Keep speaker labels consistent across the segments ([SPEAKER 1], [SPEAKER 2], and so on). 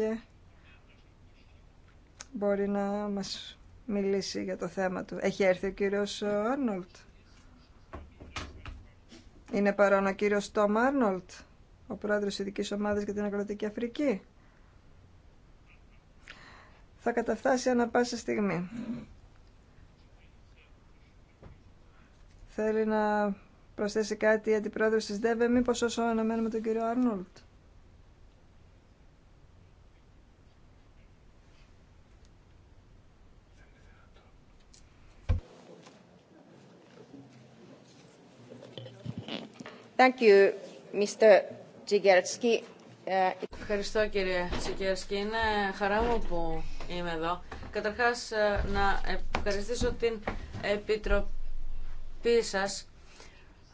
[SPEAKER 1] και μπορεί να μας μιλήσει για το θέμα του. Έχει έρθει ο κύριος Άρνολτ. Είναι παρόν ο κύριος Τόμ Άρνολτ, ο πρόεδρος ειδικής ομάδας για την αγροτική Αφρική. Θα καταφτάσει ανα πάσα στιγμή. Θέλει να προσθέσει κάτι η αντιπρόεδρος της ΔΕΒΕ, μήπως όσο αναμένουμε τον κύριο Άρνολτ.
[SPEAKER 2] Uh, Ευχαριστώ κύριε Σικέρσκι. Είναι χαρά μου που είμαι εδώ. Καταρχάς ε, να ευχαριστήσω την Επιτροπή σας ε,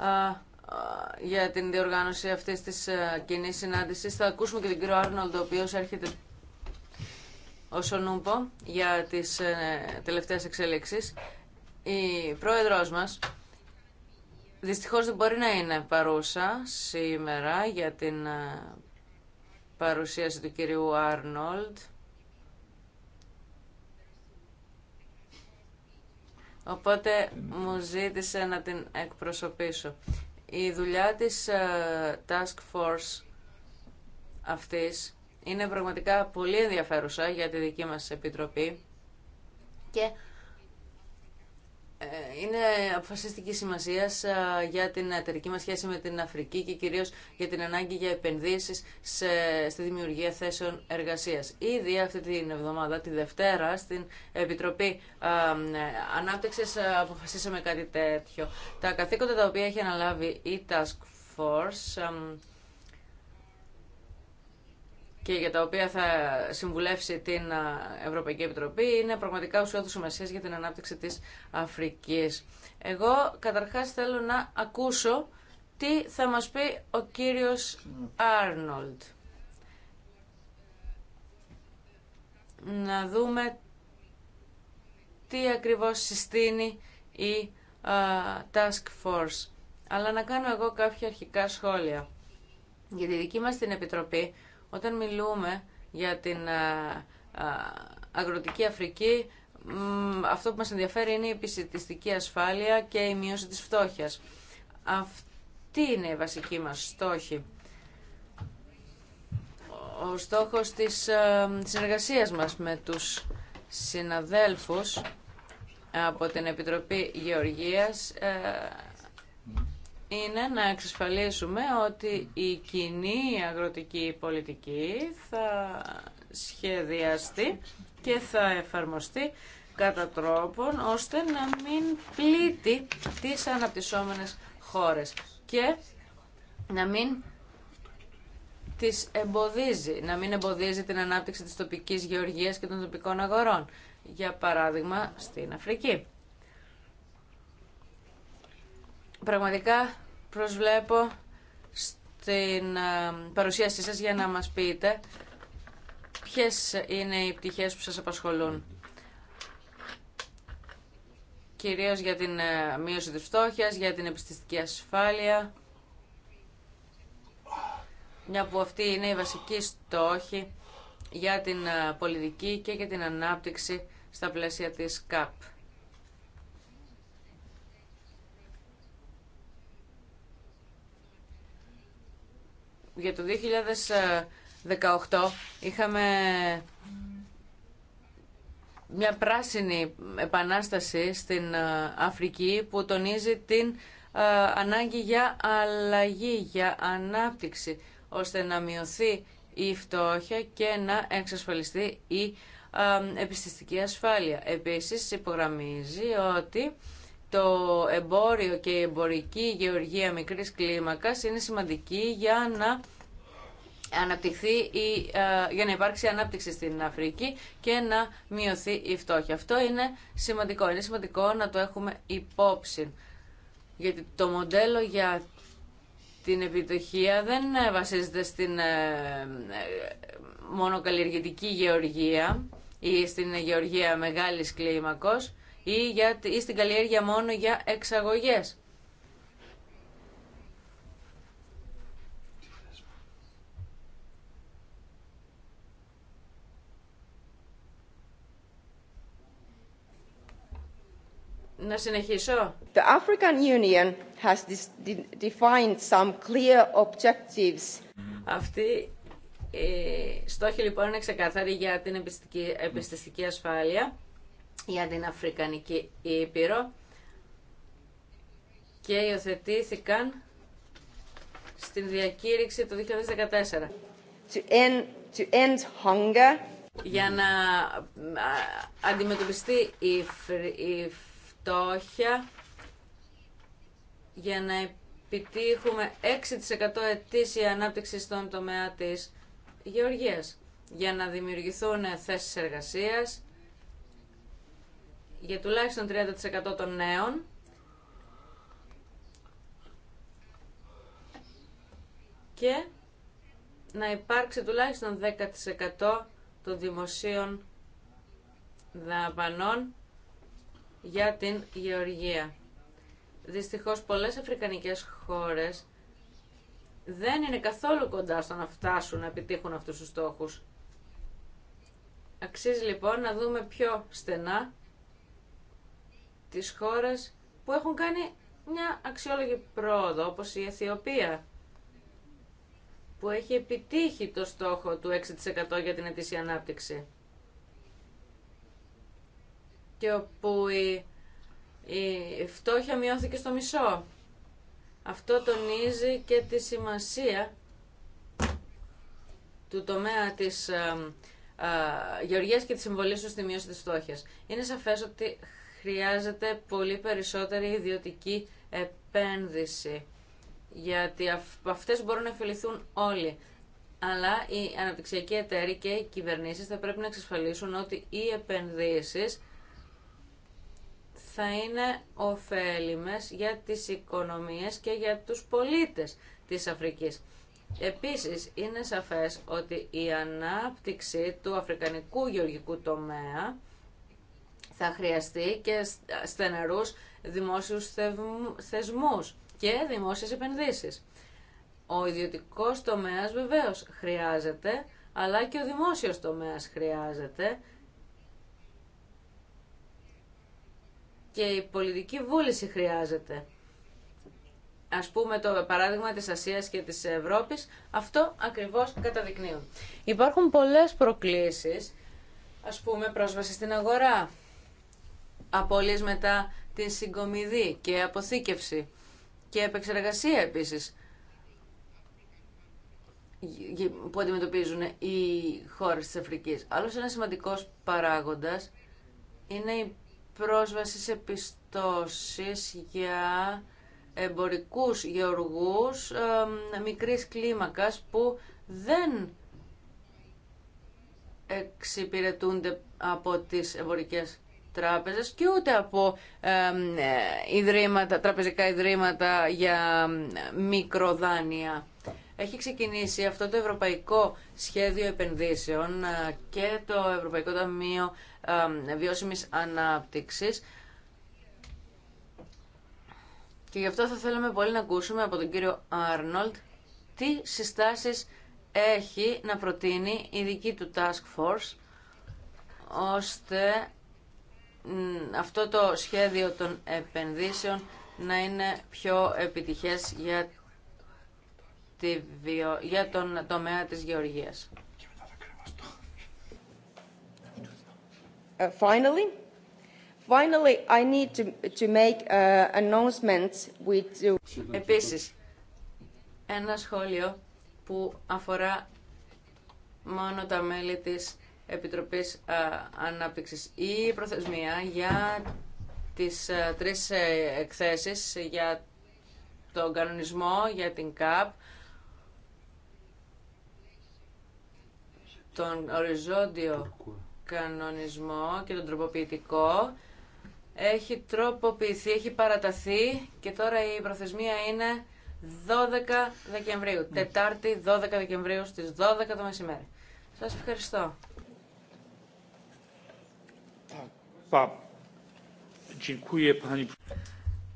[SPEAKER 2] ε, για την διοργάνωση αυτής της κοινή συνάντησης. Θα ακούσουμε και τον κύριο Άρνολντ, ο οποίος έρχεται ως ο Νούμπο για τις τελευταίες εξέλιξεις. Η πρόεδρός μας, Δυστυχώς δεν μπορεί να είναι παρούσα σήμερα για την ε, παρουσίαση του κυρίου Άρνολτ. Οπότε μου ζήτησε να την εκπροσωπήσω. Η δουλειά της ε, Task Force αυτής είναι πραγματικά πολύ ενδιαφέρουσα για τη δική μας Επιτροπή και ε, είναι αποφασιστική σημασία ε, για την εταιρική μα σχέση με την Αφρική και κυρίω για την ανάγκη για επενδύσει στη δημιουργία θέσεων εργασία. Ήδη αυτή την εβδομάδα, τη Δευτέρα, στην Επιτροπή ε, Ανάπτυξη αποφασίσαμε κάτι τέτοιο. Τα καθήκοντα τα οποία έχει αναλάβει η Task Force και για τα οποία θα συμβουλεύσει την Ευρωπαϊκή Επιτροπή είναι πραγματικά ουσιώδου σημασία για την ανάπτυξη της Αφρικής. Εγώ καταρχάς θέλω να ακούσω τι θα μας πει ο κύριος Άρνολτ. Να δούμε τι ακριβώς συστήνει η Task Force. Αλλά να κάνω εγώ κάποια αρχικά σχόλια. Για τη δική μας την Επιτροπή όταν μιλούμε για την ε, ε, αγροτική Αφρική, αυτό που μας ενδιαφέρει είναι η επισητιστική ασφάλεια και η μείωση της φτώχειας. Αυτή είναι η βασική μας στόχη. Ο στόχος της ε, συνεργασίας μας με τους συναδέλφους από την Επιτροπή Γεωργίας είναι να εξασφαλίσουμε ότι η κοινή αγροτική πολιτική θα σχεδιαστεί και θα εφαρμοστεί κατά τρόπον ώστε να μην πλήττει τις αναπτυσσόμενες χώρες και να μην τις εμποδίζει, να μην εμποδίζει την ανάπτυξη της τοπικής γεωργίας και των τοπικών αγορών, για παράδειγμα στην Αφρική. Πραγματικά Προσβλέπω στην ε, παρουσίασή σας για να μας πείτε ποιες είναι οι πτυχές που σας απασχολούν. Κυρίως για την ε, μείωση της φτώχειας, για την επιστηστική ασφάλεια, μια που αυτή είναι η βασική στόχη για την ε, πολιτική και για την ανάπτυξη στα πλαίσια της ΚΑΠ. για το 2018 είχαμε μια πράσινη επανάσταση στην ε, Αφρική που τονίζει την ε, ανάγκη για αλλαγή, για ανάπτυξη, ώστε να μειωθεί η φτώχεια και να εξασφαλιστεί η ε, επιστηστική ασφάλεια. Επίσης υπογραμμίζει ότι το εμπόριο και η εμπορική γεωργία μικρής κλίμακας είναι σημαντική για να αναπτυχθεί η, ε, για να υπάρξει ανάπτυξη στην Αφρική και να μειωθεί η φτώχεια. Αυτό είναι σημαντικό. Είναι σημαντικό να το έχουμε υπόψη. Γιατί το μοντέλο για την επιτυχία δεν ε, βασίζεται στην ε, μόνο καλλιεργητική γεωργία ή στην γεωργία μεγάλης κλίμακος ή, για, ή στην καλλιέργεια μόνο για εξαγωγές. Να συνεχίσω. The African Union has defined some clear objectives. Αυτή η στόχη λοιπόν είναι ξεκάθαρη για την επιστηστική ασφάλεια, για την Αφρικανική Ήπειρο και υιοθετήθηκαν στην διακήρυξη του 2014. To end, hunger. Για να αντιμετωπιστεί η, η φτώχεια για να επιτύχουμε 6% ετήσια ανάπτυξη στον τομέα της γεωργίας για να δημιουργηθούν θέσεις εργασίας για τουλάχιστον 30% των νέων και να υπάρξει τουλάχιστον 10% των δημοσίων δαπανών για την γεωργία. Δυστυχώς πολλές αφρικανικές χώρες δεν είναι καθόλου κοντά στο να φτάσουν να επιτύχουν αυτούς τους στόχους. Αξίζει λοιπόν να δούμε πιο στενά τις χώρες που έχουν κάνει μια αξιόλογη πρόοδο, όπως η Αιθιοπία, που έχει επιτύχει το στόχο του 6% για την ετήσια ανάπτυξη και όπου η, η φτώχεια μειώθηκε στο μισό. Αυτό τονίζει και τη σημασία του τομέα της α, ε, ε, γεωργίας και τη συμβολής του στη μείωση της φτώχειας. Είναι σαφές ότι χρειάζεται πολύ περισσότερη ιδιωτική επένδυση, γιατί από αυτές μπορούν να εφεληθούν όλοι. Αλλά οι αναπτυξιακοί εταίροι και οι κυβερνήσεις θα πρέπει να εξασφαλίσουν ότι οι επενδύσεις θα είναι ωφέλιμες για τις οικονομίες και για τους πολίτες της Αφρικής. Επίσης, είναι σαφές ότι η ανάπτυξη του αφρικανικού γεωργικού τομέα θα χρειαστεί και στεναρούς δημόσιους θεσμούς και δημόσιες επενδύσεις. Ο ιδιωτικός τομέας βεβαίως χρειάζεται, αλλά και ο δημόσιος τομέας χρειάζεται και η πολιτική βούληση χρειάζεται. Ας πούμε το παράδειγμα της Ασίας και της Ευρώπης, αυτό ακριβώς καταδεικνύουν. Υπάρχουν πολλές προκλήσεις, ας πούμε πρόσβαση στην αγορά, απώλειες μετά την συγκομιδή και αποθήκευση και επεξεργασία επίσης που αντιμετωπίζουν οι χώρες της Αφρικής. Άλλος ένα σημαντικός παράγοντας είναι η πρόσβαση σε πιστώσεις για εμπορικούς γεωργούς μικρής κλίμακας που δεν εξυπηρετούνται από τις εμπορικές τράπεζες και ούτε από ε, ιδρύματα, τραπεζικά ιδρύματα για μικροδάνεια έχει ξεκινήσει αυτό το Ευρωπαϊκό Σχέδιο Επενδύσεων ε, και το Ευρωπαϊκό Ταμείο ε, Βιώσιμης Ανάπτυξης και γι' αυτό θα θέλαμε πολύ να ακούσουμε από τον κύριο Άρνολτ τι συστάσεις έχει να προτείνει η δική του Task Force ώστε αυτό το σχέδιο των επενδύσεων να είναι πιο επιτυχές για για τον τομέα της γεωργίας. Uh, finally, finally, I need to, to make uh, with... Επίσης, ένα σχόλιο που αφορά μόνο τα μέλη της Επιτροπής uh, Ανάπτυξης. Η προθεσμία για τις uh, τρεις ε, εκθέσεις για τον κανονισμό, για την ΚΑΠ τον οριζόντιο κανονισμό και τον τροποποιητικό έχει τροποποιηθεί, έχει παραταθεί και τώρα η προθεσμία είναι 12 Δεκεμβρίου. Ναι. Τετάρτη 12 Δεκεμβρίου στις 12 το μεσημέρι. Σας ευχαριστώ.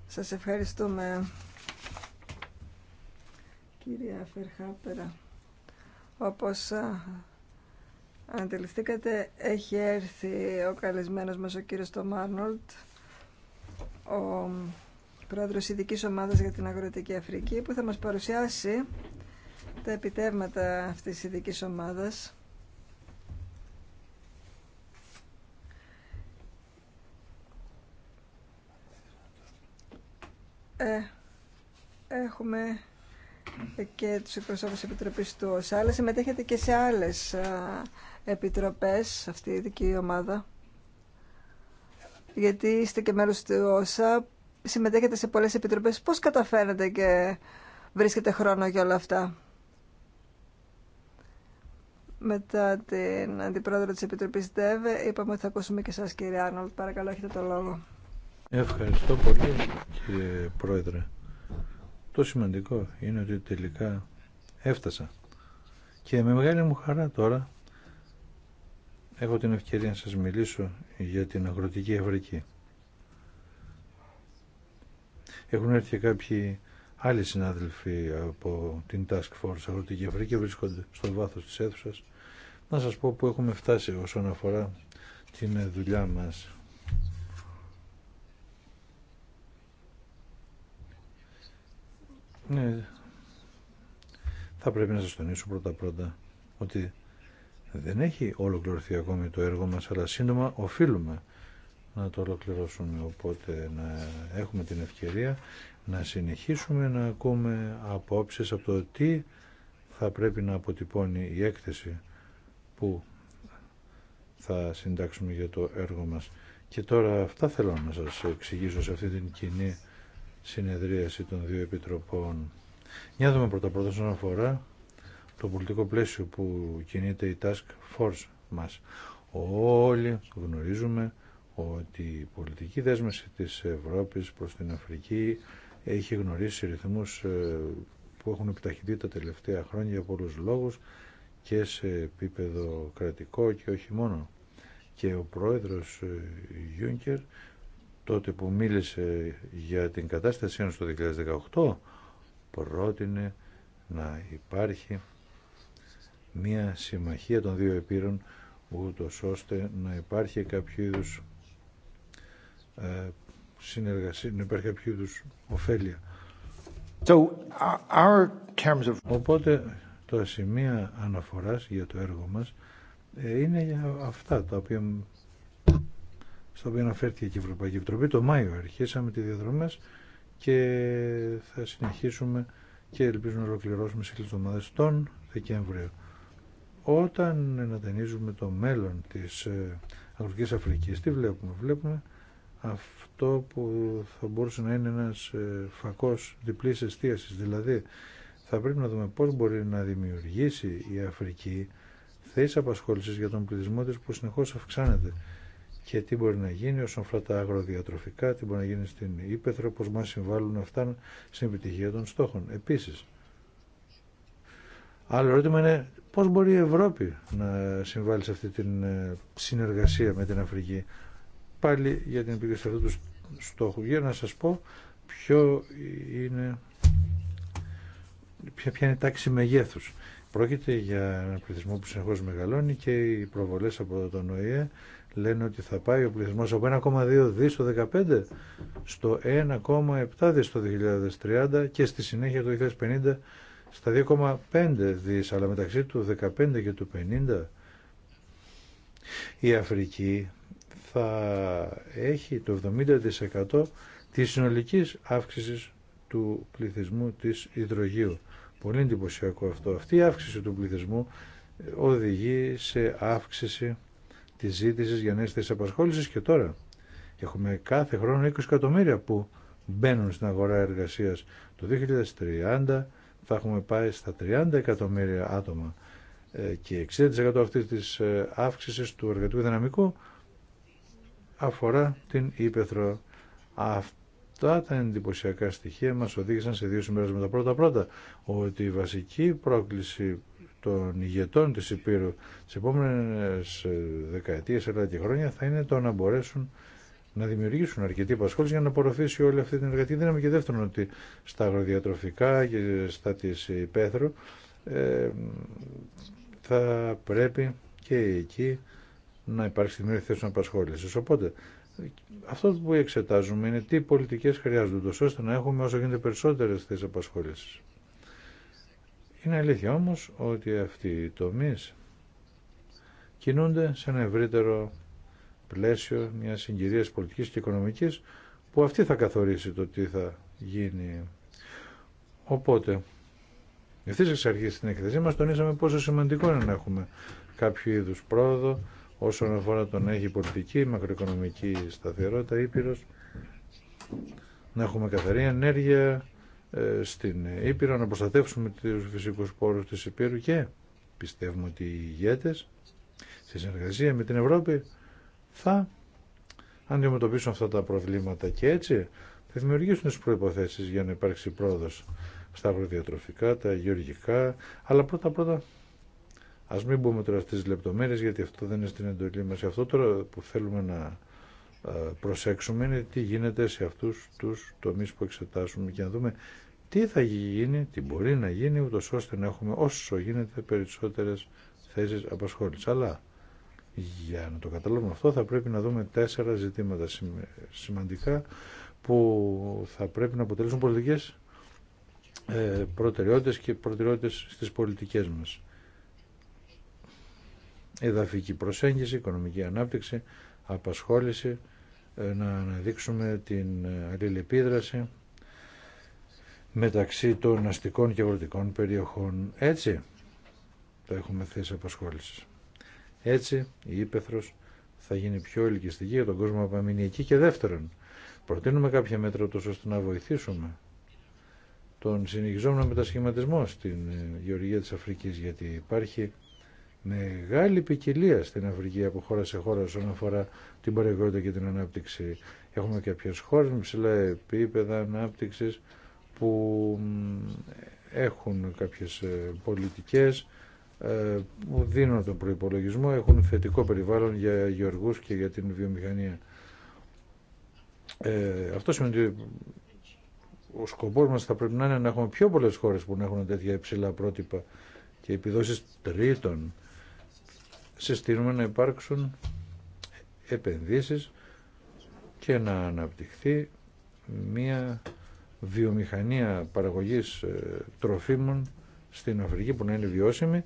[SPEAKER 1] Σας ευχαριστούμε κυρία Φερχάπερα. Όπως Αντιληφθήκατε, έχει έρθει ο καλεσμένος μας ο κύριος Τόμ ο πρόεδρος ειδική ομάδας για την Αγροτική Αφρική, που θα μας παρουσιάσει τα επιτεύγματα αυτής της ειδική ομάδας. Ε, έχουμε και τους εκπροσώπους της Επιτροπής του αλλά συμμετέχετε και σε άλλες επιτροπές, αυτή η δική ομάδα, γιατί είστε και μέρος του ΩΣΑ, συμμετέχετε σε πολλές επιτροπές. Πώς καταφέρετε και βρίσκετε χρόνο για όλα αυτά. Μετά την Αντιπρόεδρο της Επιτροπής ΔΕΒ, είπαμε ότι θα ακούσουμε και εσάς κύριε Άνολ. Παρακαλώ, έχετε το λόγο.
[SPEAKER 3] Ευχαριστώ πολύ κύριε Πρόεδρε. Το σημαντικό είναι ότι τελικά έφτασα. Και με μεγάλη μου χαρά τώρα έχω την ευκαιρία να σας μιλήσω για την αγροτική Αφρική. Έχουν έρθει κάποιοι άλλοι συνάδελφοι από την Task Force Αγροτική Αφρική βρίσκονται στο βάθος της αίθουσας. Να σας πω που έχουμε φτάσει όσον αφορά την δουλειά μας. Ναι, θα πρέπει να σας τονίσω πρώτα-πρώτα ότι δεν έχει ολοκληρωθεί ακόμη το έργο μας, αλλά σύντομα οφείλουμε να το ολοκληρώσουμε. Οπότε να έχουμε την ευκαιρία να συνεχίσουμε να ακούμε απόψεις από το τι θα πρέπει να αποτυπώνει η έκθεση που θα συντάξουμε για το έργο μας. Και τώρα αυτά θέλω να σας εξηγήσω σε αυτή την κοινή συνεδρίαση των δύο επιτροπών. Για δούμε πρώτα πρώτα αφορά το πολιτικό πλαίσιο που κινείται η Task Force μας. Όλοι γνωρίζουμε ότι η πολιτική δέσμευση της Ευρώπης προς την Αφρική έχει γνωρίσει ρυθμούς ε, που έχουν επιταχυνθεί τα τελευταία χρόνια για πολλούς λόγους και σε επίπεδο κρατικό και όχι μόνο. Και ο πρόεδρος ε, Γιούνκερ τότε που μίλησε για την κατάσταση ένωση το 2018 πρότεινε να υπάρχει μια συμμαχία των δύο επίρων ούτω ώστε να υπάρχει κάποιο είδου ε, συνεργασία, να υπάρχει κάποιο είδου ωφέλεια. our terms of... Οπότε το σημεία αναφοράς για το έργο μας ε, είναι αυτά τα οποία στα οποία αναφέρθηκε και η Ευρωπαϊκή Επιτροπή. Το Μάιο αρχίσαμε τη διαδρομές και θα συνεχίσουμε και ελπίζουμε να ολοκληρώσουμε σε εβδομάδες τον Δεκέμβριο. Όταν ανατενίζουμε το μέλλον της ε, Αγροτικής Αφρικής, τι βλέπουμε. Βλέπουμε αυτό που θα μπορούσε να είναι ένας ε, φακός διπλής εστίασης. Δηλαδή, θα πρέπει να δούμε πώς μπορεί να δημιουργήσει η Αφρική θέσεις απασχόλησης για τον πληθυσμό της που συνεχώς αυξάνεται και τι μπορεί να γίνει όσον αφορά τα αγροδιατροφικά, τι μπορεί να γίνει στην Ήπεθρο, πώς μας συμβάλλουν αυτά στην επιτυχία των στόχων. Επίσης, Άλλο ερώτημα είναι πώς μπορεί η Ευρώπη να συμβάλλει σε αυτή την ε, συνεργασία με την Αφρική. Πάλι για την επίκριση αυτού του στόχου. Για να σας πω ποιο είναι, ποια, ποια είναι η τάξη μεγέθους. Πρόκειται για ένα πληθυσμό που συνεχώ μεγαλώνει και οι προβολές από τον ΟΗΕ λένε ότι θα πάει ο πληθυσμό από 1,2 δι το 2015 στο 1,7 δι το 2030 και στη συνέχεια το 2050 στα 2,5 δις, αλλά μεταξύ του 15 και του 50 η Αφρική θα έχει το 70% της συνολικής αύξησης του πληθυσμού της υδρογείου. Πολύ εντυπωσιακό αυτό. Αυτή η αύξηση του πληθυσμού οδηγεί σε αύξηση της ζήτησης για νέες θέσεις απασχόλησης και τώρα έχουμε κάθε χρόνο 20 εκατομμύρια που μπαίνουν στην αγορά εργασίας. Το 2030 θα έχουμε πάει στα 30 εκατομμύρια άτομα ε, και 60% αυτής της ε, αύξησης του εργατικού δυναμικού αφορά την Ήπεθρο. Αυτά τα εντυπωσιακά στοιχεία μας οδήγησαν σε δύο συμπέρασματα. Πρώτα-πρώτα, ότι η βασική πρόκληση των ηγετών της Υπήρου τις επόμενες ε, δεκαετίες αλλά και χρόνια θα είναι το να μπορέσουν να δημιουργήσουν αρκετή απασχόληση για να απορροφήσει όλη αυτή την εργατική δύναμη και δεύτερον ότι στα αγροδιατροφικά και στα της υπαίθρου ε, θα πρέπει και εκεί να υπάρξει δημιουργία θέσεων απασχόληση. Οπότε αυτό που εξετάζουμε είναι τι πολιτικές χρειάζονται τόσο ώστε να έχουμε όσο γίνεται περισσότερες θέσεις απασχόληση. Είναι αλήθεια όμως ότι αυτοί οι τομείς κινούνται σε ένα ευρύτερο πλαίσιο μιας συγκυρίας πολιτικής και οικονομική που αυτή θα καθορίσει το τι θα γίνει. Οπότε, ευθύ εξ αρχή στην έκθεσή μα τονίσαμε πόσο σημαντικό είναι να έχουμε κάποιο είδου πρόοδο όσον αφορά τον έχει πολιτική, μακροοικονομική σταθερότητα, ήπειρο, να έχουμε καθαρή ενέργεια ε, στην Ήπειρο, να προστατεύσουμε τους φυσικούς πόρους της Ήπειρου και πιστεύουμε ότι οι ηγέτες στη συνεργασία με την Ευρώπη θα αντιμετωπίσουν αυτά τα προβλήματα και έτσι θα δημιουργήσουν τις προϋποθέσεις για να υπάρξει πρόοδος στα αγροδιατροφικά, τα γεωργικά, αλλά πρώτα πρώτα ας μην μπούμε τώρα στις λεπτομέρειες γιατί αυτό δεν είναι στην εντολή μας. Αυτό τώρα που θέλουμε να ε, προσέξουμε είναι τι γίνεται σε αυτούς τους τομείς που εξετάσουμε και να δούμε τι θα γίνει, τι μπορεί να γίνει, ούτως ώστε να έχουμε όσο γίνεται περισσότερες θέσεις απασχόλησης. Αλλά για να το καταλάβουμε αυτό θα πρέπει να δούμε τέσσερα ζητήματα σημαντικά που θα πρέπει να αποτελέσουν πολιτικές ε, προτεραιότητες και προτεραιότητες στις πολιτικές μας. Εδαφική προσέγγιση, οικονομική ανάπτυξη, απασχόληση, ε, να αναδείξουμε την ε, αλληλεπίδραση μεταξύ των αστικών και αγροτικών περιοχών. Έτσι, θα έχουμε θέσει απασχόλησης. Έτσι η ύπεθρος θα γίνει πιο ελκυστική για τον κόσμο που μείνει εκεί και δεύτερον. Προτείνουμε κάποια μέτρα τόσο ώστε να βοηθήσουμε τον συνεχιζόμενο μετασχηματισμό στην ε, γεωργία της Αφρικής γιατί υπάρχει μεγάλη ποικιλία στην Αφρική από χώρα σε χώρα όσον αφορά την παραγωγότητα και την ανάπτυξη. Έχουμε κάποιε χώρε, με ψηλά επίπεδα ανάπτυξης που έχουν κάποιες ε, πολιτικές ε, μου δίνουν τον προϋπολογισμό έχουν θετικό περιβάλλον για γεωργούς και για την βιομηχανία. Ε, αυτό σημαίνει ότι ο σκοπός μας θα πρέπει να είναι να έχουμε πιο πολλές χώρες που να έχουν τέτοια υψηλά πρότυπα και επιδόσεις τρίτων. Συστήνουμε να υπάρξουν επενδύσεις και να αναπτυχθεί μια βιομηχανία παραγωγής ε, τροφίμων στην Αφρική που να είναι βιώσιμη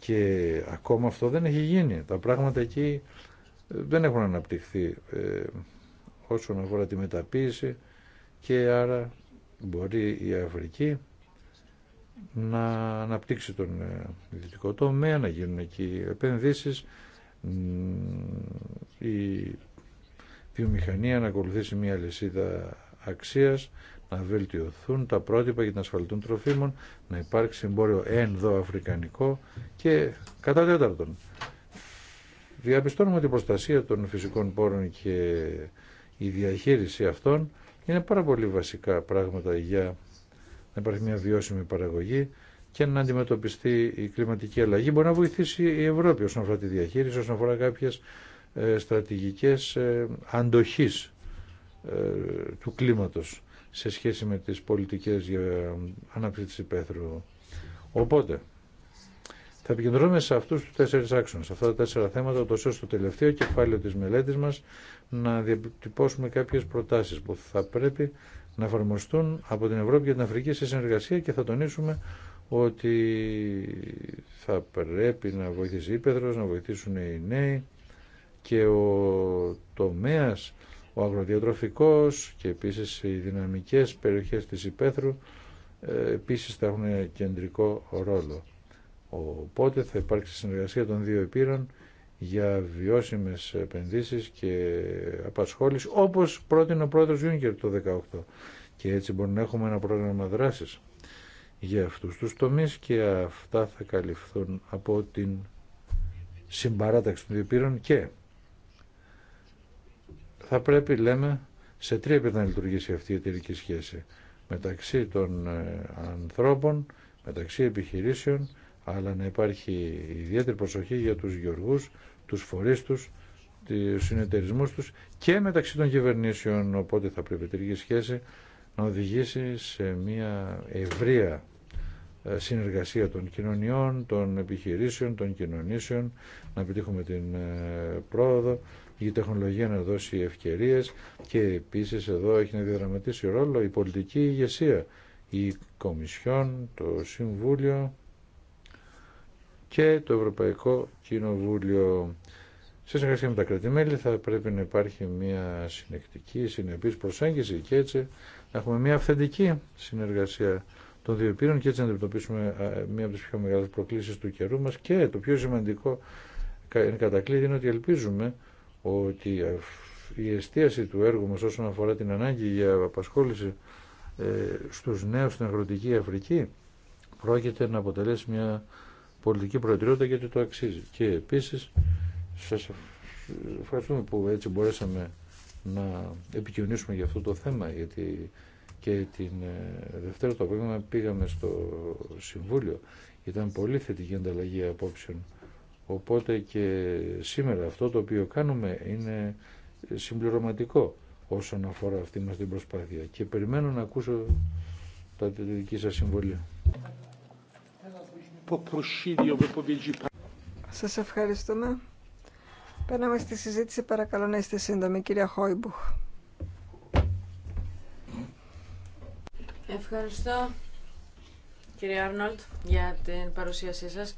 [SPEAKER 3] και ακόμα αυτό δεν έχει γίνει. Τα πράγματα εκεί ε, δεν έχουν αναπτυχθεί ε, όσον αφορά τη μεταποίηση και άρα μπορεί η Αφρική να αναπτύξει τον ε, δυτικό τομέα, να γίνουν εκεί επενδύσεις, η βιομηχανία να ακολουθήσει μια λυσίδα αξίας, να βελτιωθούν τα πρότυπα για την των τροφίμων, να υπάρξει εμπόριο ενδοαφρικανικό και κατά τέταρτον. Διαπιστώνουμε ότι η προστασία των φυσικών πόρων και η διαχείριση αυτών είναι πάρα πολύ βασικά πράγματα για να υπάρχει μια βιώσιμη παραγωγή και να αντιμετωπιστεί η κλιματική αλλαγή. Μπορεί να βοηθήσει η Ευρώπη όσον αφορά τη διαχείριση, όσον αφορά κάποιες ε, στρατηγικές ε, αντοχής ε, του κλίματος σε σχέση με τις πολιτικές για ανάπτυξη της υπαίθρου. Οπότε, θα επικεντρώνουμε σε αυτούς τους τέσσερις άξονες, σε αυτά τα τέσσερα θέματα, ώστε στο τελευταίο κεφάλαιο της μελέτης μας, να διατυπώσουμε κάποιες προτάσεις που θα πρέπει να εφαρμοστούν από την Ευρώπη και την Αφρική σε συνεργασία και θα τονίσουμε ότι θα πρέπει να βοηθήσει η να βοηθήσουν οι νέοι και ο τομέας ο αγροδιατροφικός και επίσης οι δυναμικές περιοχές της υπαίθρου ε, επίσης θα έχουν κεντρικό ρόλο. Οπότε θα υπάρξει συνεργασία των δύο επίρων για βιώσιμες επενδύσεις και απασχόληση όπως πρότεινε ο πρόεδρος Γιούνκερ το 2018 και έτσι μπορούμε να έχουμε ένα πρόγραμμα δράσης για αυτούς τους τομείς και αυτά θα καλυφθούν από την συμπαράταξη των επίρων και θα πρέπει, λέμε, σε τρία επίπεδα να λειτουργήσει αυτή η εταιρική σχέση. Μεταξύ των ε, ανθρώπων, μεταξύ επιχειρήσεων, αλλά να υπάρχει ιδιαίτερη προσοχή για τους γεωργούς, τους φορείς τους, τους συνεταιρισμούς τους και μεταξύ των κυβερνήσεων, οπότε θα πρέπει η εταιρική σχέση να οδηγήσει σε μια ευρεία ε, συνεργασία των κοινωνιών, των επιχειρήσεων, των κοινωνήσεων, να επιτύχουμε την ε, πρόοδο, η τεχνολογία να δώσει ευκαιρίες και επίσης εδώ έχει να διαδραματίσει ρόλο η πολιτική ηγεσία, η Κομισιόν, το Συμβούλιο και το Ευρωπαϊκό Κοινοβούλιο. Σε συνεργασία με τα κρατημέλη θα πρέπει να υπάρχει μια συνεκτική, συνεπής προσέγγιση και έτσι να έχουμε μια αυθεντική συνεργασία των δύο πύρων και έτσι να αντιμετωπίσουμε μία από τις πιο μεγάλες προκλήσεις του καιρού μας και το πιο σημαντικό κατακλείδι είναι ότι ελπίζουμε ότι η εστίαση του έργου μας όσον αφορά την ανάγκη για απασχόληση ε, στους νέους στην αγροτική Αφρική πρόκειται να αποτελέσει μια πολιτική προτεραιότητα γιατί το αξίζει. Και επίσης σας ευχαριστούμε που έτσι μπορέσαμε να επικοινωνήσουμε για αυτό το θέμα γιατί και την ε, Δευτέρα το απόγευμα πήγαμε στο Συμβούλιο. Ήταν πολύ θετική ανταλλαγή απόψεων Οπότε και σήμερα αυτό το οποίο κάνουμε είναι συμπληρωματικό όσον αφορά αυτή μας την προσπάθεια και περιμένω να ακούσω τα δική σας συμβολή.
[SPEAKER 1] Σας ευχαριστούμε. Παίρναμε στη συζήτηση. Παρακαλώ να είστε σύντομοι, κυρία Χόιμπουχ.
[SPEAKER 2] Ευχαριστώ, κύριε Άρνολτ, για την παρουσίασή σας.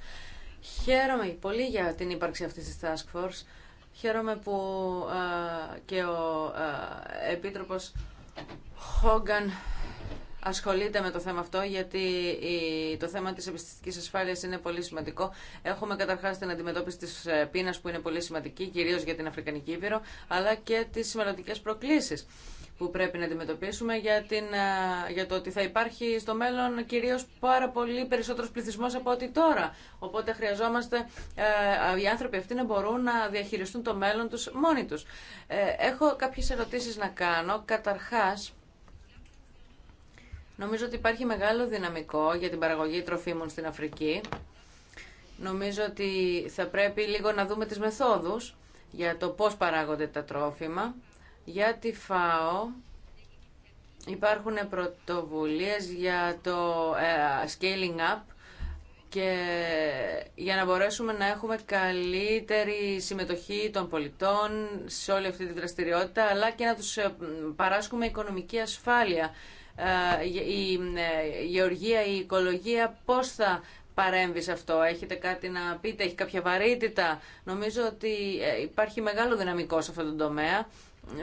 [SPEAKER 2] Χαίρομαι πολύ για την ύπαρξη αυτής της Task Force. Χαίρομαι που ε, και ο ε, Επίτροπος Χόγκαν ασχολείται με το θέμα αυτό, γιατί το θέμα της επιστημικής ασφάλειας είναι πολύ σημαντικό. Έχουμε καταρχάς την αντιμετώπιση της ε, πείνας που είναι πολύ σημαντική, κυρίως για την Αφρικανική Ήπειρο, αλλά και τις σημαντικές προκλήσεις που πρέπει να αντιμετωπίσουμε για, την, για το ότι θα υπάρχει στο μέλλον κυρίως πάρα πολύ περισσότερος πληθυσμός από ό,τι τώρα. Οπότε χρειαζόμαστε ε, οι άνθρωποι αυτοί να μπορούν να διαχειριστούν το μέλλον τους μόνοι τους. Ε, έχω κάποιες ερωτήσεις να κάνω. Καταρχάς, Νομίζω ότι υπάρχει μεγάλο δυναμικό για την παραγωγή τροφίμων στην Αφρική. Νομίζω ότι θα πρέπει λίγο να δούμε τις μεθόδους για το πώς παράγονται τα τρόφιμα. Για τη ΦΑΟ υπάρχουν πρωτοβουλίες για το ε, scaling up και για να μπορέσουμε να έχουμε καλύτερη συμμετοχή των πολιτών σε όλη αυτή τη δραστηριότητα αλλά και να τους ε, παράσχουμε οικονομική ασφάλεια. Ε, η γεωργία, η οικολογία πώς θα παρέμβει σε αυτό. Έχετε κάτι να πείτε, έχει κάποια βαρύτητα. Νομίζω ότι υπάρχει μεγάλο δυναμικό σε αυτό το τομέα.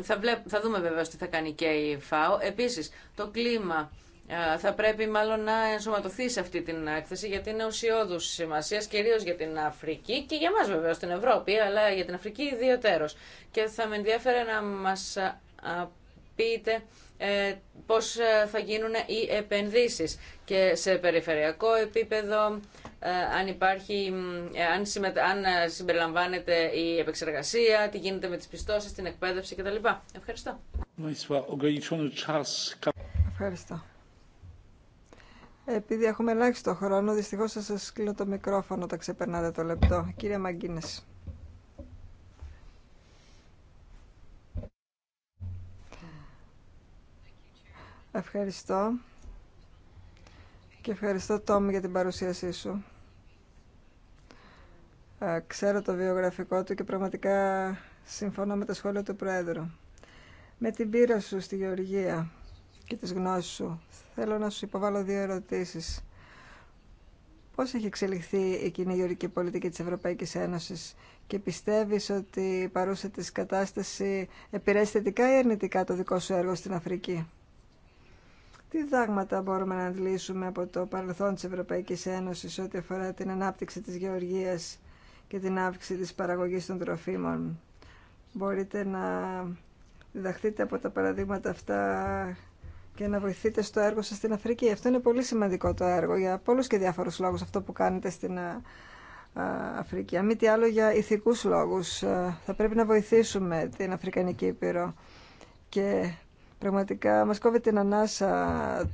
[SPEAKER 2] Θα, βλέπ, θα δούμε βέβαια τι θα κάνει και η ΦΑΟ. Επίσης, το κλίμα ε, θα πρέπει μάλλον να ενσωματωθεί σε αυτή την έκθεση γιατί είναι ουσιώδους σημασίας κυρίως για την Αφρική και για μας βέβαια στην Ευρώπη αλλά για την Αφρική ιδιωτέρως και θα με ενδιαφέρε να μας ε, πείτε ε, πώς ε, θα γίνουν οι επενδύσεις και σε περιφερειακό επίπεδο ε, αν, υπάρχει, ε, αν, αν ε, συμπεριλαμβάνεται η επεξεργασία, τι γίνεται με τις πιστώσεις, την εκπαίδευση κτλ. Ευχαριστώ.
[SPEAKER 1] Ευχαριστώ. Επειδή έχουμε ελάχιστο χρόνο, δυστυχώς θα σας κλείνω το μικρόφωνο όταν ξεπερνάτε το λεπτό. Κύριε Μαγκίνες. Ευχαριστώ. Και ευχαριστώ Τόμ για την παρουσίασή σου. Ε, ξέρω το βιογραφικό του και πραγματικά συμφωνώ με τα σχόλια του Πρόεδρου. Με την πείρα σου στη Γεωργία και τις γνώσεις σου, θέλω να σου υποβάλω δύο ερωτήσεις. Πώς έχει εξελιχθεί η κοινή γεωργική πολιτική της Ευρωπαϊκής Ένωσης και πιστεύεις ότι η παρούσα της κατάσταση επηρέασε θετικά ή αρνητικά το δικό σου έργο στην Αφρική. Τι δάγματα μπορούμε να αντλήσουμε από το παρελθόν της Ευρωπαϊκής Ένωσης ό,τι αφορά την ανάπτυξη της γεωργίας και την αύξηση της παραγωγής των τροφίμων. Μπορείτε να διδαχθείτε από τα παραδείγματα αυτά και να βοηθείτε στο έργο σας στην Αφρική. Αυτό είναι πολύ σημαντικό το έργο για πολλούς και διάφορους λόγους αυτό που κάνετε στην Αφρική. Αν μη τι άλλο για ηθικούς λόγους. Θα πρέπει να βοηθήσουμε την Αφρικανική Ήπειρο και Πραγματικά μα κόβει την ανάσα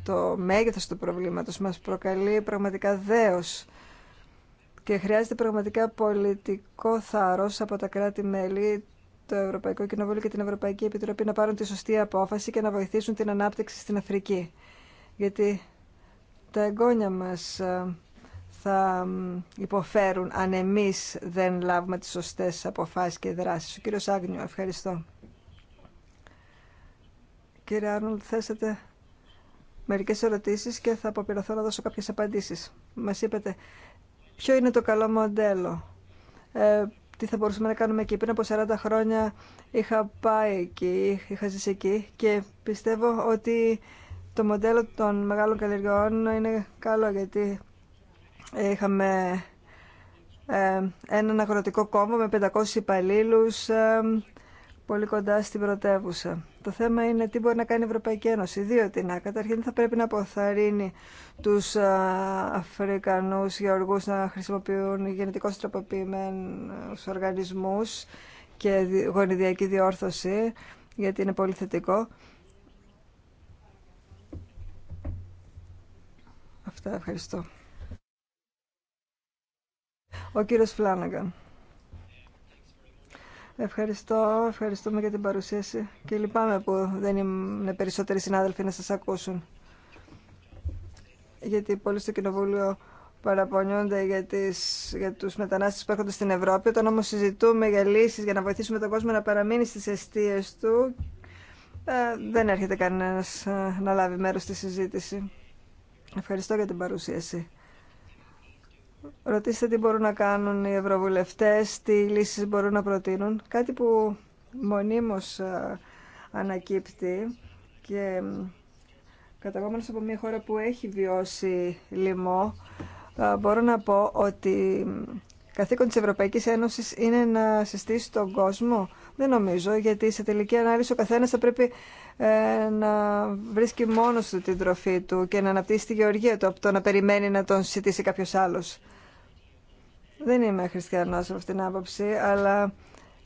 [SPEAKER 1] το μέγεθος του προβλήματος, μας προκαλεί πραγματικά δέος και χρειάζεται πραγματικά πολιτικό θάρρος από τα κράτη-μέλη το Ευρωπαϊκό Κοινοβούλιο και την Ευρωπαϊκή Επιτροπή να πάρουν τη σωστή απόφαση και να βοηθήσουν την ανάπτυξη στην Αφρική. Γιατί τα εγγόνια μας ε, θα υποφέρουν αν εμείς δεν λάβουμε τις σωστές αποφάσεις και δράσεις. Ο κύριος Άγνιο, ευχαριστώ. Κύριε Άρνουλ, θέσατε μερικέ ερωτήσει και θα αποπειρωθώ να δώσω κάποιες απαντήσει. Μα είπατε ποιο είναι το καλό μοντέλο, ε, τι θα μπορούσαμε να κάνουμε εκεί. Πριν από 40 χρόνια είχα πάει εκεί, είχα ζήσει εκεί και πιστεύω ότι το μοντέλο των μεγάλων καλλιεργειών είναι καλό γιατί είχαμε ε, έναν αγροτικό κόμβο με 500 υπαλλήλους, ε, πολύ κοντά στην πρωτεύουσα. Το θέμα είναι τι μπορεί να κάνει η Ευρωπαϊκή Ένωση. Διότι να, καταρχήν θα πρέπει να αποθαρρύνει τους Αφρικανούς γεωργού να χρησιμοποιούν γενετικώ τροποποιημένους οργανισμού και γονιδιακή διόρθωση, γιατί είναι πολύ θετικό. Αυτά, ευχαριστώ. Ο κύριος Φλάνναγκαν. Ευχαριστώ, ευχαριστούμε για την παρουσίαση και λυπάμαι που δεν είναι περισσότεροι συνάδελφοι να σας ακούσουν. Γιατί πολλοί στο Κοινοβούλιο παραπονιούνται για, τις, για τους μετανάστες που έρχονται στην Ευρώπη, όταν όμως συζητούμε για λύσεις για να βοηθήσουμε τον κόσμο να παραμείνει στις αιστείες του, ε, δεν έρχεται κανένας ε, να λάβει μέρος στη συζήτηση. Ευχαριστώ για την παρουσίαση. Ρωτήστε τι μπορούν να κάνουν οι ευρωβουλευτές, τι λύσεις μπορούν να προτείνουν. Κάτι που μονίμως ε, ανακύπτει και καταγόμενος από μια χώρα που έχει βιώσει λοιμό, ε, μπορώ να πω ότι καθήκον της Ευρωπαϊκής Ένωσης είναι να συστήσει τον κόσμο. Δεν νομίζω, γιατί σε τελική ανάλυση ο καθένας θα πρέπει ε, να βρίσκει μόνος του την τροφή του και να αναπτύσσει τη γεωργία του από το να περιμένει να τον συστήσει κάποιος άλλος. Δεν είμαι χριστιανό από αυτήν την άποψη, αλλά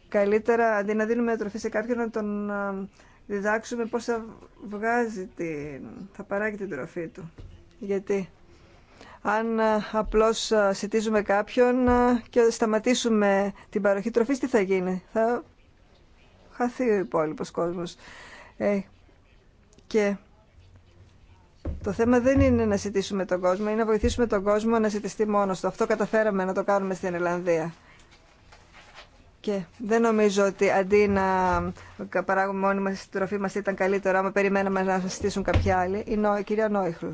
[SPEAKER 1] καλύτερα αντί να δίνουμε τροφή σε κάποιον να τον διδάξουμε πώς θα βγάζει την, θα παράγει την τροφή του. Γιατί αν απλώς σητίζουμε κάποιον και σταματήσουμε την παροχή τροφής, τι θα γίνει. Θα χαθεί ο υπόλοιπος κόσμος. Ε, και το θέμα δεν είναι να ζητήσουμε τον κόσμο, είναι να βοηθήσουμε τον κόσμο να ζητηστεί μόνο του. Αυτό καταφέραμε να το κάνουμε στην Ιρλανδία. Και δεν νομίζω ότι αντί να παράγουμε μόνοι μα τη τροφή μα, ήταν καλύτερο άμα περιμέναμε να ζητήσουν κάποιοι άλλοι. Η κυρία Νόιχλ.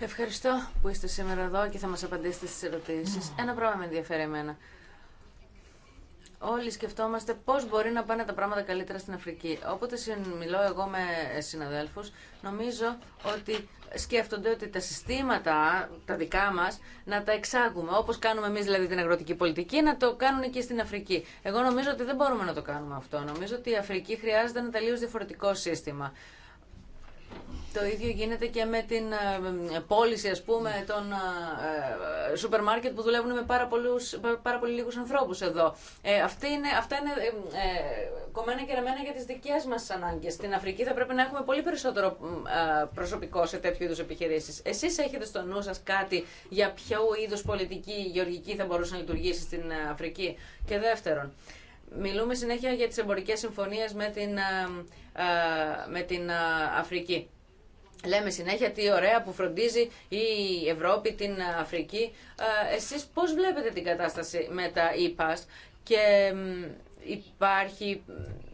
[SPEAKER 2] Ευχαριστώ που είστε σήμερα εδώ και θα μα απαντήσετε στις ερωτήσεις. Ένα πράγμα με ενδιαφέρει εμένα. Όλοι σκεφτόμαστε πώ μπορεί να πάνε τα πράγματα καλύτερα στην Αφρική. Όποτε μιλώ εγώ με συναδέλφου, νομίζω ότι σκέφτονται ότι τα συστήματα, τα δικά μας, να τα εξάγουμε. Όπως κάνουμε εμείς δηλαδή την αγροτική πολιτική, να το κάνουν και στην Αφρική. Εγώ νομίζω ότι δεν μπορούμε να το κάνουμε αυτό. Νομίζω ότι η Αφρική χρειάζεται ένα τελείω διαφορετικό σύστημα. Το ίδιο γίνεται και με την ε, πώληση, ας πούμε, των ε, ε, σούπερ μάρκετ που δουλεύουν με πάρα, πολλούς, πάρα πολύ λίγους ανθρώπους εδώ. αυτή είναι, αυτά είναι ε, κομμένα και ρεμένα για τις δικές μας ανάγκες. Στην Αφρική θα πρέπει να έχουμε πολύ περισσότερο προσωπικό σε τέτοιου είδους επιχειρήσεις. Εσείς έχετε στο νου σας κάτι για ποιο είδους πολιτική γεωργική θα μπορούσε να λειτουργήσει στην Αφρική. Και δεύτερον, μιλούμε συνέχεια για τις εμπορικές συμφωνίες με την, με την Αφρική. Λέμε συνέχεια τι ωραία που φροντίζει η Ευρώπη, την Αφρική. Εσείς πώς βλέπετε την κατάσταση με τα e και υπάρχει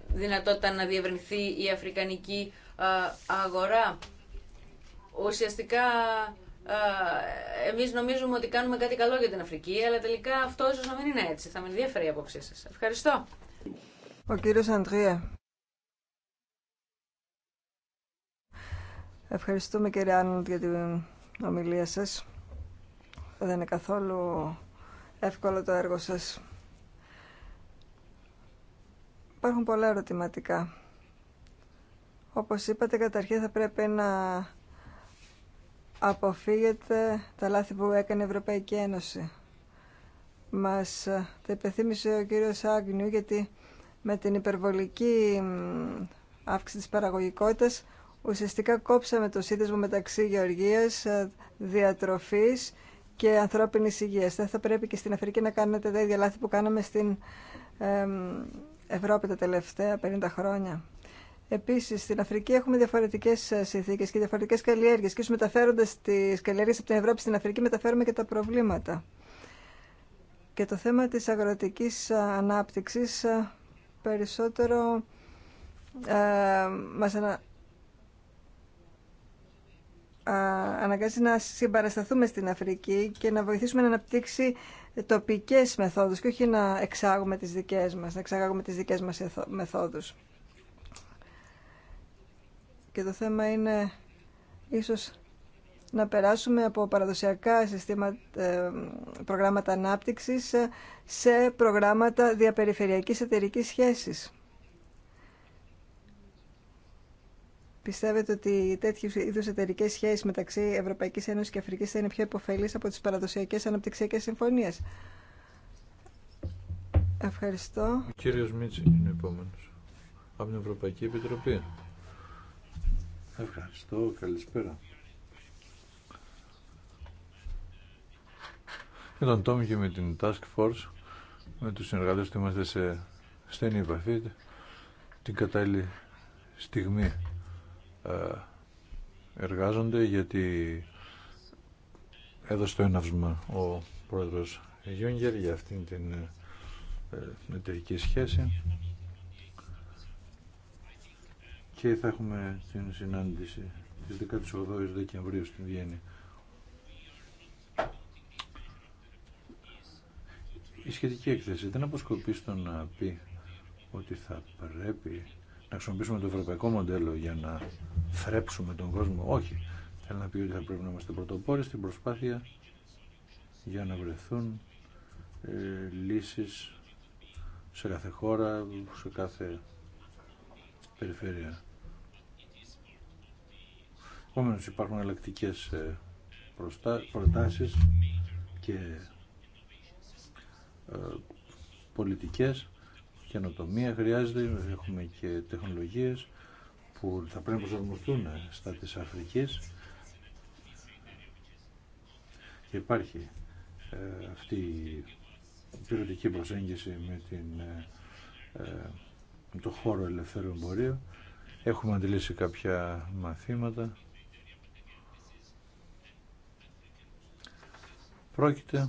[SPEAKER 2] δυνατότητα να διευρυνθεί η αφρικανική αγορά. Ουσιαστικά εμείς νομίζουμε ότι κάνουμε κάτι καλό για την Αφρική, αλλά τελικά αυτό ίσως να μην είναι έτσι. Θα με ενδιαφέρει η απόψή σας. Ευχαριστώ.
[SPEAKER 1] Ο κύριος Αντρία. Ευχαριστούμε κύριε Άννοντ για την ομιλία σας. Δεν είναι καθόλου εύκολο το έργο σας. Υπάρχουν πολλά ερωτηματικά. Όπως είπατε, καταρχήν θα πρέπει να αποφύγετε τα λάθη που έκανε η Ευρωπαϊκή Ένωση. Μας τα υπενθύμισε ο κύριος Άγνιου γιατί με την υπερβολική αύξηση της παραγωγικότητας Ουσιαστικά κόψαμε το σύνδεσμο μεταξύ γεωργίας, ε, διατροφής και ανθρώπινης υγείας. Δεν θα πρέπει και στην Αφρική να κάνετε τα ίδια λάθη που κάναμε στην Ευρώπη τα τελευταία 50 χρόνια. Επίσης, στην Αφρική έχουμε διαφορετικές ε, συνθήκε και διαφορετικέ καλλιέργειε. Και μεταφέροντας τι καλλιέργειες από την Ευρώπη στην Αφρική, μεταφέρουμε και τα προβλήματα. Και το θέμα της αγροτικής ε, ανάπτυξης περισσότερο ε, μας αναγκάζει να συμπαρασταθούμε στην Αφρική και να βοηθήσουμε να αναπτύξει τοπικές μεθόδους και όχι να εξάγουμε τις δικές μας, να εξάγουμε τις δικές μας μεθόδους. Και το θέμα είναι ίσως να περάσουμε από παραδοσιακά συστήματα, ε, προγράμματα ανάπτυξης σε προγράμματα διαπεριφερειακής εταιρικής σχέσης. Πιστεύετε ότι τέτοιου είδου εταιρικέ σχέσει μεταξύ Ευρωπαϊκή Ένωση και Αφρική θα είναι πιο υποφελεί από τι παραδοσιακέ αναπτυξιακέ συμφωνίε. Ευχαριστώ.
[SPEAKER 3] Ο κύριο Μίτση είναι επόμενο. Από την Ευρωπαϊκή Επιτροπή. Ευχαριστώ. Καλησπέρα. Με τον Τόμι και με την Task Force, με τους συνεργάτες του είμαστε σε στενή επαφή την κατάλληλη στιγμή ε, εργάζονται γιατί έδωσε το έναυσμα ο πρόεδρος Γιούγκερ για αυτήν την ε, εταιρική σχέση και θα έχουμε την συνάντηση της 18ης Δεκεμβρίου στην Βιέννη. Η σχετική έκθεση δεν αποσκοπεί στο να πει ότι θα πρέπει να χρησιμοποιήσουμε το ευρωπαϊκό μοντέλο για να θρέψουμε τον κόσμο. Όχι. Θέλω να πει ότι θα πρέπει να είμαστε πρωτοπόροι στην προσπάθεια για να βρεθούν ε, λύσεις σε κάθε χώρα, σε κάθε περιφέρεια. Επομένω υπάρχουν ελεκτικές ε, προτάσεις και ε, πολιτικές καινοτομία χρειάζεται, έχουμε και τεχνολογίες που θα πρέπει να προσαρμοστούν στα της Αφρικής και υπάρχει ε, αυτή η πυροτική προσέγγιση με, την, ε, ε, το χώρο ελευθερών εμπορίου. Έχουμε αντιλήσει κάποια μαθήματα. Πρόκειται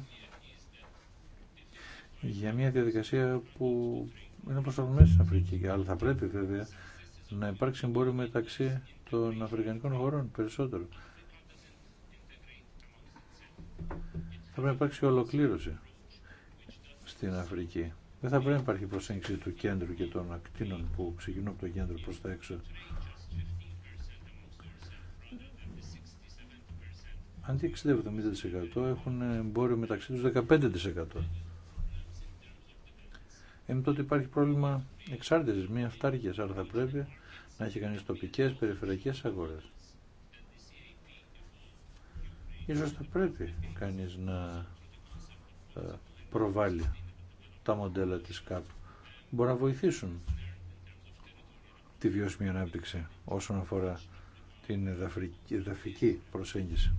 [SPEAKER 3] για μια διαδικασία που είναι προσαρμοσμένη στην Αφρική, αλλά θα πρέπει βέβαια να υπάρξει εμπόριο μεταξύ των Αφρικανικών χωρών περισσότερο. Θα πρέπει να υπάρξει ολοκλήρωση στην Αφρική. Δεν θα πρέπει να υπάρχει προσέγγιση του κέντρου και των ακτίνων που ξεκινούν από το κέντρο προς τα έξω. Αντί 60-70% έχουν εμπόριο μεταξύ τους 15%. Εμεί τότε υπάρχει πρόβλημα εξάρτησης, μία αυτάρκειας, άρα θα πρέπει να έχει κανείς τοπικές, περιφερειακές αγορές. Ίσως θα πρέπει κανείς να ε, προβάλλει τα μοντέλα της ΚΑΠ. Μπορεί να βοηθήσουν τη βιώσιμη ανάπτυξη όσον αφορά την εδαφική προσέγγιση.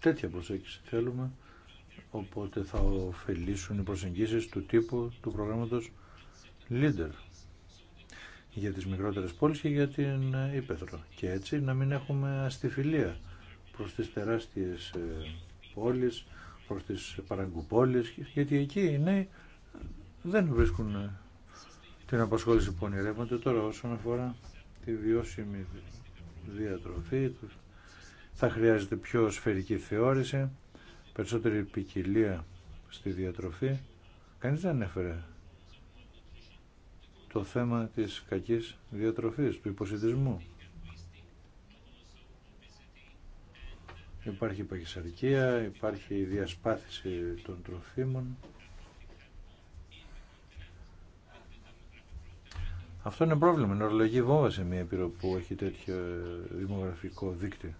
[SPEAKER 3] Τέτοια προσέγγιση θέλουμε οπότε θα ωφελήσουν οι προσεγγίσεις του τύπου του προγράμματος Leader για τις μικρότερες πόλεις και για την Ήπεθρο και έτσι να μην έχουμε αστιφιλία προς τις τεράστιες ε, πόλεις, προς τις παραγκουπόλεις γιατί εκεί οι νέοι δεν βρίσκουν ε, την απασχόληση που ονειρεύονται τώρα όσον αφορά τη βιώσιμη διατροφή τους. θα χρειάζεται πιο σφαιρική θεώρηση περισσότερη ποικιλία στη διατροφή. Κανείς δεν έφερε το θέμα της κακής διατροφής, του υποσυντισμού. Υπάρχει παγισαρκία, υπάρχει η διασπάθηση των τροφίμων. Αυτό είναι πρόβλημα. Είναι νορολογική βόμβα μια επιρροπή που έχει τέτοιο δημογραφικό δίκτυο.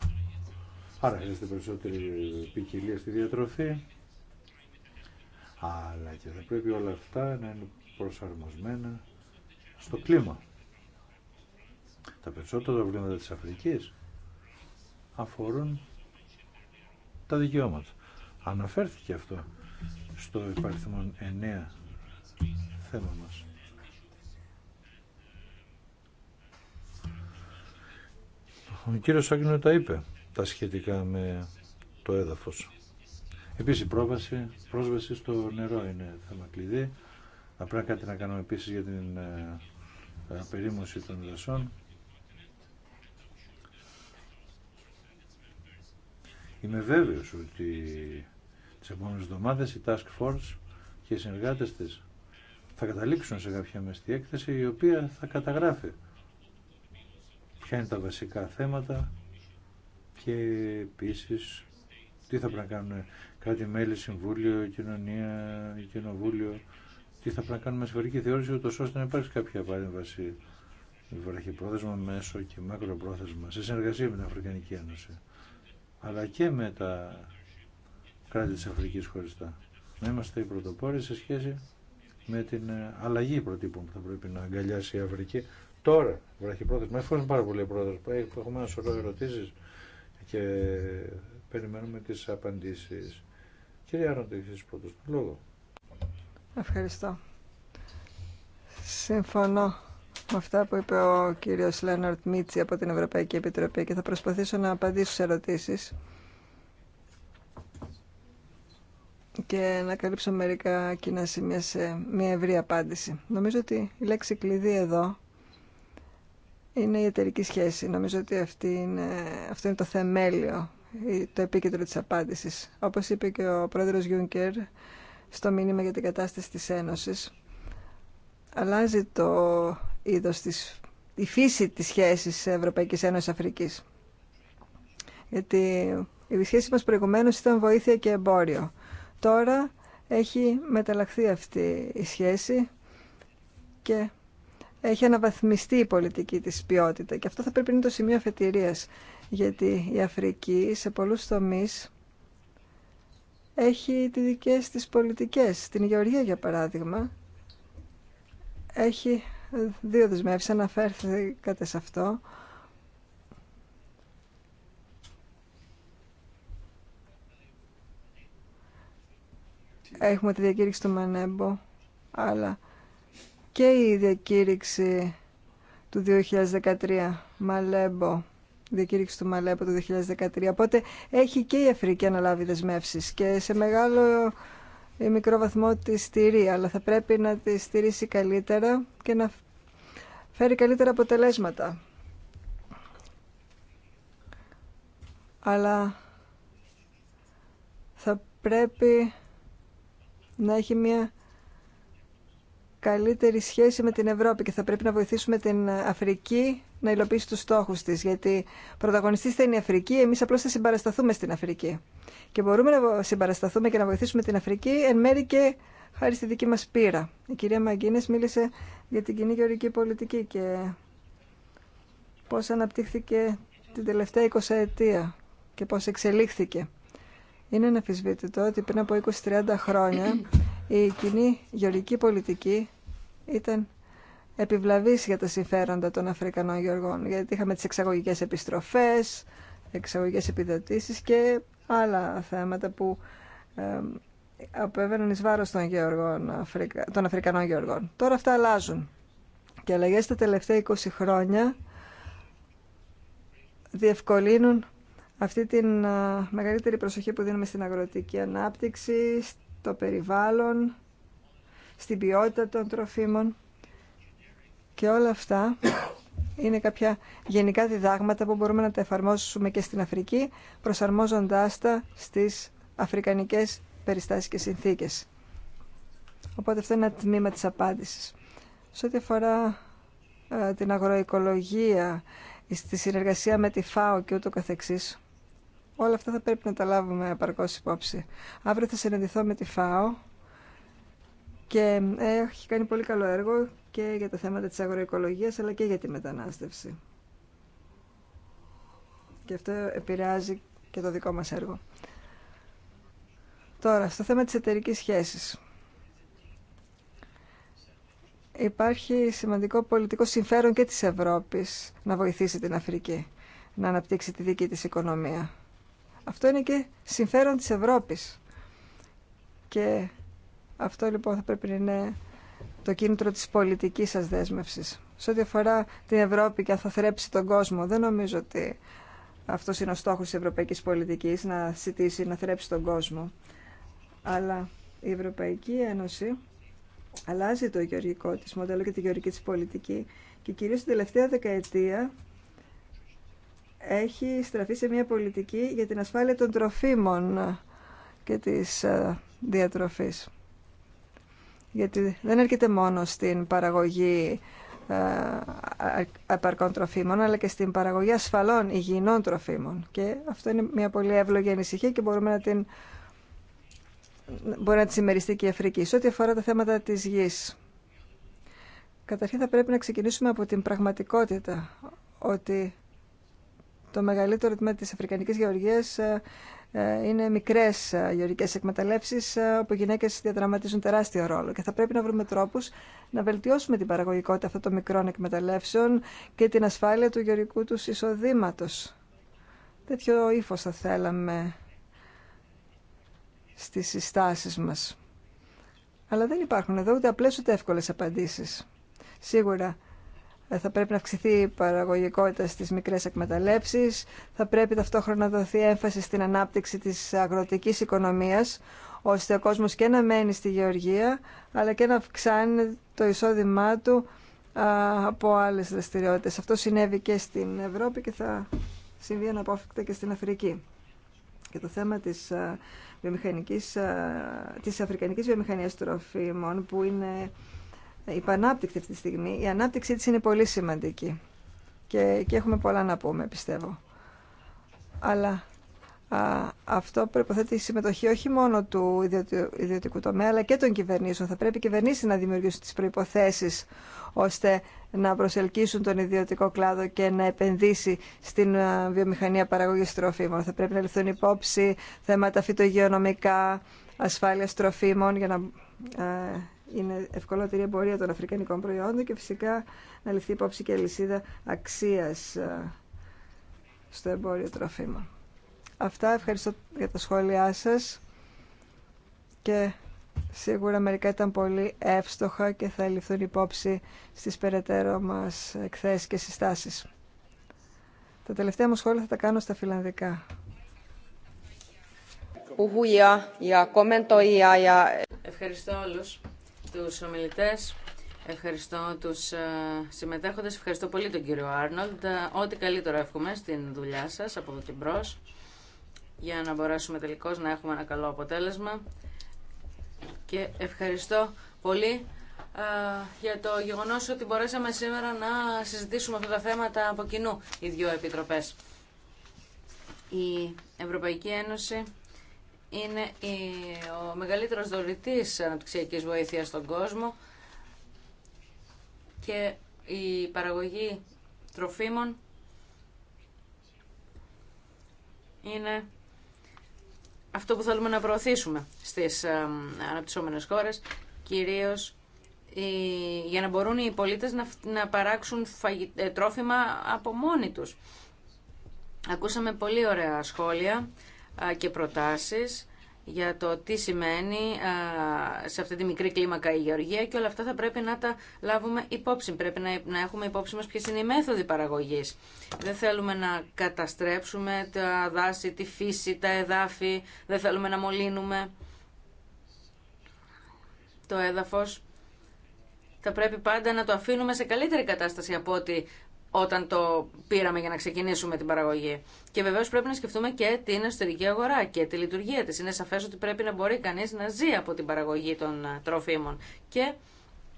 [SPEAKER 3] Άρα χρειάζεται περισσότερη ποικιλία στη διατροφή. Αλλά και θα πρέπει όλα αυτά να είναι προσαρμοσμένα στο κλίμα. Τα περισσότερα προβλήματα της Αφρικής αφορούν τα δικαιώματα. Αναφέρθηκε αυτό στο υπαριθμό 9 θέμα μας. Ο κύριος Σάγκηνο τα είπε τα σχετικά με το έδαφος. Επίσης η πρόβαση, πρόσβαση στο νερό είναι θέμα κλειδί. Απλά κάτι να κάνουμε επίσης για την ε, ε, περίμωση των δασών. Είμαι βέβαιος ότι τις επόμενες εβδομάδες η Task Force και οι συνεργάτες της θα καταλήξουν σε κάποια μεστή έκθεση η οποία θα καταγράφει ποια είναι τα βασικά θέματα και επίση, τι θα πρέπει να κάνουν κάτι μέλη, συμβούλιο, κοινωνία, κοινοβούλιο, τι θα πρέπει να κάνουμε σε βαρική θεώρηση, ούτως ώστε να υπάρξει κάποια παρέμβαση βραχυπρόθεσμα, μέσο και μακροπρόθεσμα, σε συνεργασία με την Αφρικανική Ένωση, αλλά και με τα κράτη της Αφρικής χωριστά. Να είμαστε οι πρωτοπόροι σε σχέση με την αλλαγή προτύπων που θα πρέπει να αγκαλιάσει η Αφρική. Τώρα, βραχυπρόθεσμα, εφόσον πάρα πολύ πρόθεσμα, έχουμε ένα σωρό ερωτήσεις και περιμένουμε τις απαντήσεις. Κύριε Άρνοντο, έχεις λόγο.
[SPEAKER 1] Ευχαριστώ. Συμφωνώ με αυτά που είπε ο κύριος Λέναρτ Μίτσι από την Ευρωπαϊκή Επιτροπή και θα προσπαθήσω να απαντήσω σε ερωτήσεις και να καλύψω μερικά κοινά σημεία σε μια ευρή απάντηση. Νομίζω ότι η λέξη κλειδί εδώ είναι η εταιρική σχέση. Νομίζω ότι αυτή είναι, αυτό είναι το θεμέλιο, το επίκεντρο της απάντησης. Όπως είπε και ο πρόεδρος Γιούνκερ στο μήνυμα για την κατάσταση της Ένωσης, αλλάζει το είδος της, η φύση της σχέσης Ευρωπαϊκής Ένωσης Αφρικής. Γιατί η σχέση μας προηγουμένως ήταν βοήθεια και εμπόριο. Τώρα έχει μεταλλαχθεί αυτή η σχέση και έχει αναβαθμιστεί η πολιτική της ποιότητα και αυτό θα πρέπει να είναι το σημείο αφετηρίας γιατί η Αφρική σε πολλούς τομείς έχει τις δικές της πολιτικές. Στην Γεωργία για παράδειγμα έχει δύο δεσμεύσεις, αναφέρθηκατε σε αυτό. Έχουμε τη διακήρυξη του Μανέμπο, αλλά και η διακήρυξη του 2013 Μαλέμπο διακήρυξη του Μαλέμπο του 2013. Οπότε έχει και η Αφρική αναλάβει δεσμεύσει και σε μεγάλο ή μικρό βαθμό τη στηρεί, αλλά θα πρέπει να τη στηρίσει καλύτερα και να φέρει καλύτερα αποτελέσματα. Αλλά θα πρέπει να έχει μια καλύτερη σχέση με την Ευρώπη και θα πρέπει να βοηθήσουμε την Αφρική να υλοποιήσει τους στόχους της, γιατί πρωταγωνιστής θα είναι η Αφρική, εμείς απλώς θα συμπαρασταθούμε στην Αφρική. Και μπορούμε να συμπαρασταθούμε και να βοηθήσουμε την Αφρική εν μέρη και χάρη στη δική μας πείρα. Η κυρία Μαγκίνες μίλησε για την κοινή γεωρική πολιτική και πώς αναπτύχθηκε την τελευταία 20 ετία και πώς εξελίχθηκε. Είναι αναφυσβήτητο ότι πριν από 20-30 χρόνια η κοινή γεωργική πολιτική ήταν επιβλαβής για τα συμφέροντα των Αφρικανών γεωργών, γιατί είχαμε τις εξαγωγικές επιστροφές, εξαγωγικές επιδοτήσεις και άλλα θέματα που ε, απέβαιναν εις βάρος των, Αφρικανών γεωργών. Τώρα αυτά αλλάζουν. Και αλλαγέ τα τελευταία 20 χρόνια διευκολύνουν αυτή την ε, μεγαλύτερη προσοχή που δίνουμε στην αγροτική ανάπτυξη, στο περιβάλλον, στην ποιότητα των τροφίμων και όλα αυτά είναι κάποια γενικά διδάγματα που μπορούμε να τα εφαρμόσουμε και στην Αφρική προσαρμόζοντάς τα στις αφρικανικές περιστάσεις και συνθήκες. Οπότε αυτό είναι ένα τμήμα της απάντησης. Σε ό,τι αφορά ε, την αγροοικολογία, στη συνεργασία με τη ΦΑΟ και ούτω καθεξής, όλα αυτά θα πρέπει να τα λάβουμε επαρκώς υπόψη. Αύριο θα συναντηθώ με τη ΦΑΟ και ε, έχει κάνει πολύ καλό έργο και για τα θέματα της αγροοικολογίας αλλά και για τη μετανάστευση. Και αυτό επηρεάζει και το δικό μας έργο. Τώρα, στο θέμα της εταιρική σχέσης. Υπάρχει σημαντικό πολιτικό συμφέρον και της Ευρώπης να βοηθήσει την Αφρική να αναπτύξει τη δική της οικονομία. Αυτό είναι και συμφέρον της Ευρώπης. Και αυτό λοιπόν θα πρέπει να είναι το κίνητρο της πολιτικής σας δέσμευσης. Σε ό,τι αφορά την Ευρώπη και αν θα θρέψει τον κόσμο, δεν νομίζω ότι αυτό είναι ο στόχος της ευρωπαϊκής πολιτικής, να σητήσει να θρέψει τον κόσμο. Αλλά η Ευρωπαϊκή Ένωση αλλάζει το γεωργικό της μοντέλο και τη γεωργική της πολιτική και κυρίως την τελευταία δεκαετία έχει στραφεί σε μια πολιτική για την ασφάλεια των τροφίμων και της ε, διατροφής γιατί δεν έρχεται μόνο στην παραγωγή ε, επαρκών τροφίμων, αλλά και στην παραγωγή ασφαλών υγιεινών τροφίμων. Και αυτό είναι μια πολύ εύλογη ανησυχία και μπορούμε να την μπορεί να τη συμμεριστεί και η Αφρική. Σε ό,τι αφορά τα θέματα της γης, καταρχήν θα πρέπει να ξεκινήσουμε από την πραγματικότητα ότι το μεγαλύτερο τμήμα της Αφρικανικής Γεωργίας ε, ε, είναι μικρές ε, γεωργικές εκμεταλλεύσεις όπου οι γυναίκες διαδραματίζουν τεράστιο ρόλο και θα πρέπει να βρούμε τρόπους να βελτιώσουμε την παραγωγικότητα αυτών των μικρών εκμεταλλεύσεων και την ασφάλεια του γεωργικού του εισοδήματος. Τέτοιο ύφο θα θέλαμε στις συστάσεις μας. Αλλά δεν υπάρχουν εδώ ούτε απλές ούτε εύκολες απαντήσεις. Σίγουρα ε, θα πρέπει να αυξηθεί η παραγωγικότητα στις μικρές εκμεταλλεύσεις, θα πρέπει ταυτόχρονα να δοθεί έμφαση στην ανάπτυξη της αγροτικής οικονομίας, ώστε ο κόσμος και να μένει στη γεωργία, αλλά και να αυξάνει το εισόδημά του από άλλες δραστηριότητες. Αυτό συνέβη και στην Ευρώπη και θα συμβεί αναπόφευκτα και στην Αφρική. Και το θέμα της, βιομηχανικής, της αφρικανικής βιομηχανίας τροφίμων, που είναι υπανάπτυκτη αυτή τη στιγμή. Η ανάπτυξή της είναι πολύ σημαντική και, και έχουμε πολλά να πούμε, πιστεύω. Αλλά α, αυτό προποθέτει συμμετοχή όχι μόνο του ιδιωτικού, ιδιωτικού τομέα, αλλά και των κυβερνήσεων. Θα πρέπει οι κυβερνήσεις να δημιουργήσουν τις προϋποθέσεις ώστε να προσελκύσουν τον ιδιωτικό κλάδο και να επενδύσει στην βιομηχανία παραγωγής τροφίμων. Θα πρέπει να ληφθούν υπόψη θέματα φυτογειονομικά, ασφάλεια τροφίμων για να είναι ευκολότερη εμπορία των αφρικανικών προϊόντων και φυσικά να ληφθεί υπόψη και λυσίδα αξίας ε, στο εμπόριο τροφίμων. Αυτά, ευχαριστώ για τα σχόλιά σας και σίγουρα μερικά ήταν πολύ εύστοχα και θα ληφθούν υπόψη στις περαιτέρω μας εκθέσεις και συστάσεις. Τα τελευταία μου σχόλια θα τα κάνω στα φιλανδικά.
[SPEAKER 2] Ευχαριστώ όλους τους ομιλητές. Ευχαριστώ τους ε, συμμετέχοντες. Ευχαριστώ πολύ τον κύριο Άρνολντ. Ε, ό,τι καλύτερο εύχομαι στην δουλειά σας από εδώ και μπρος για να μπορέσουμε τελικώς να έχουμε ένα καλό αποτέλεσμα. Και ευχαριστώ πολύ ε, για το γεγονός ότι μπορέσαμε σήμερα να συζητήσουμε αυτά τα θέματα από κοινού οι δύο επιτροπές. Η Ευρωπαϊκή Ένωση είναι ο μεγαλύτερος δωρητής αναπτυξιακής βοήθειας στον κόσμο και η παραγωγή τροφίμων είναι αυτό που θέλουμε να προωθήσουμε στις ε, αναπτυσσόμενες χώρες, κυρίως για να μπορούν οι πολίτες να παράξουν ε, τρόφιμα από μόνοι τους. Ακούσαμε πολύ ωραία σχόλια και προτάσεις για το τι σημαίνει σε αυτή τη μικρή κλίμακα η γεωργία και όλα αυτά θα πρέπει να τα λάβουμε υπόψη. Πρέπει να έχουμε υπόψη μας ποιες είναι οι μέθοδοι παραγωγής. Δεν θέλουμε να καταστρέψουμε τα δάση, τη φύση, τα εδάφη, δεν θέλουμε να μολύνουμε το έδαφος. Θα πρέπει πάντα να το αφήνουμε σε καλύτερη κατάσταση από ό,τι όταν το πήραμε για να ξεκινήσουμε την παραγωγή. Και βεβαίω πρέπει να σκεφτούμε και την εσωτερική αγορά και τη λειτουργία τη. Είναι σαφέ ότι πρέπει να μπορεί κανεί να ζει από την παραγωγή των ε, τροφίμων και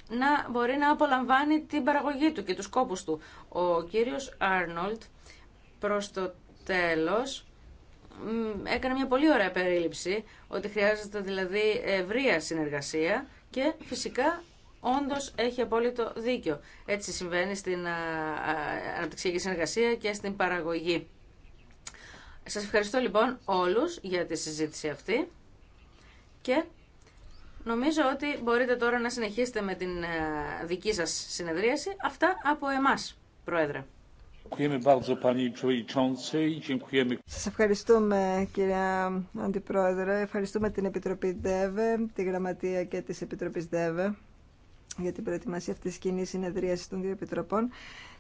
[SPEAKER 2] να μπορεί να απολαμβάνει την παραγωγή του και του κόπου του. Ο κύριος Άρνολτ προς το τέλος έκανε μια πολύ ωραία περίληψη ότι χρειάζεται δηλαδή ευρεία συνεργασία και φυσικά Όντω έχει απόλυτο δίκιο. Έτσι συμβαίνει στην ε, ε, αναπτυξιακή συνεργασία και στην παραγωγή. Σας ευχαριστώ λοιπόν όλους για τη συζήτηση αυτή και νομίζω ότι μπορείτε τώρα να συνεχίσετε με την ε, δική σας συνεδρίαση. Αυτά από εμάς, Πρόεδρε.
[SPEAKER 1] Σα ευχαριστούμε κυρία Αντιπρόεδρε, ευχαριστούμε την Επιτροπή ΔΕΒΕ, τη Γραμματεία και τη Επιτροπής ΔΕΒΕ για την προετοιμασία αυτής της κοινή συνεδρίασης των δύο επιτροπών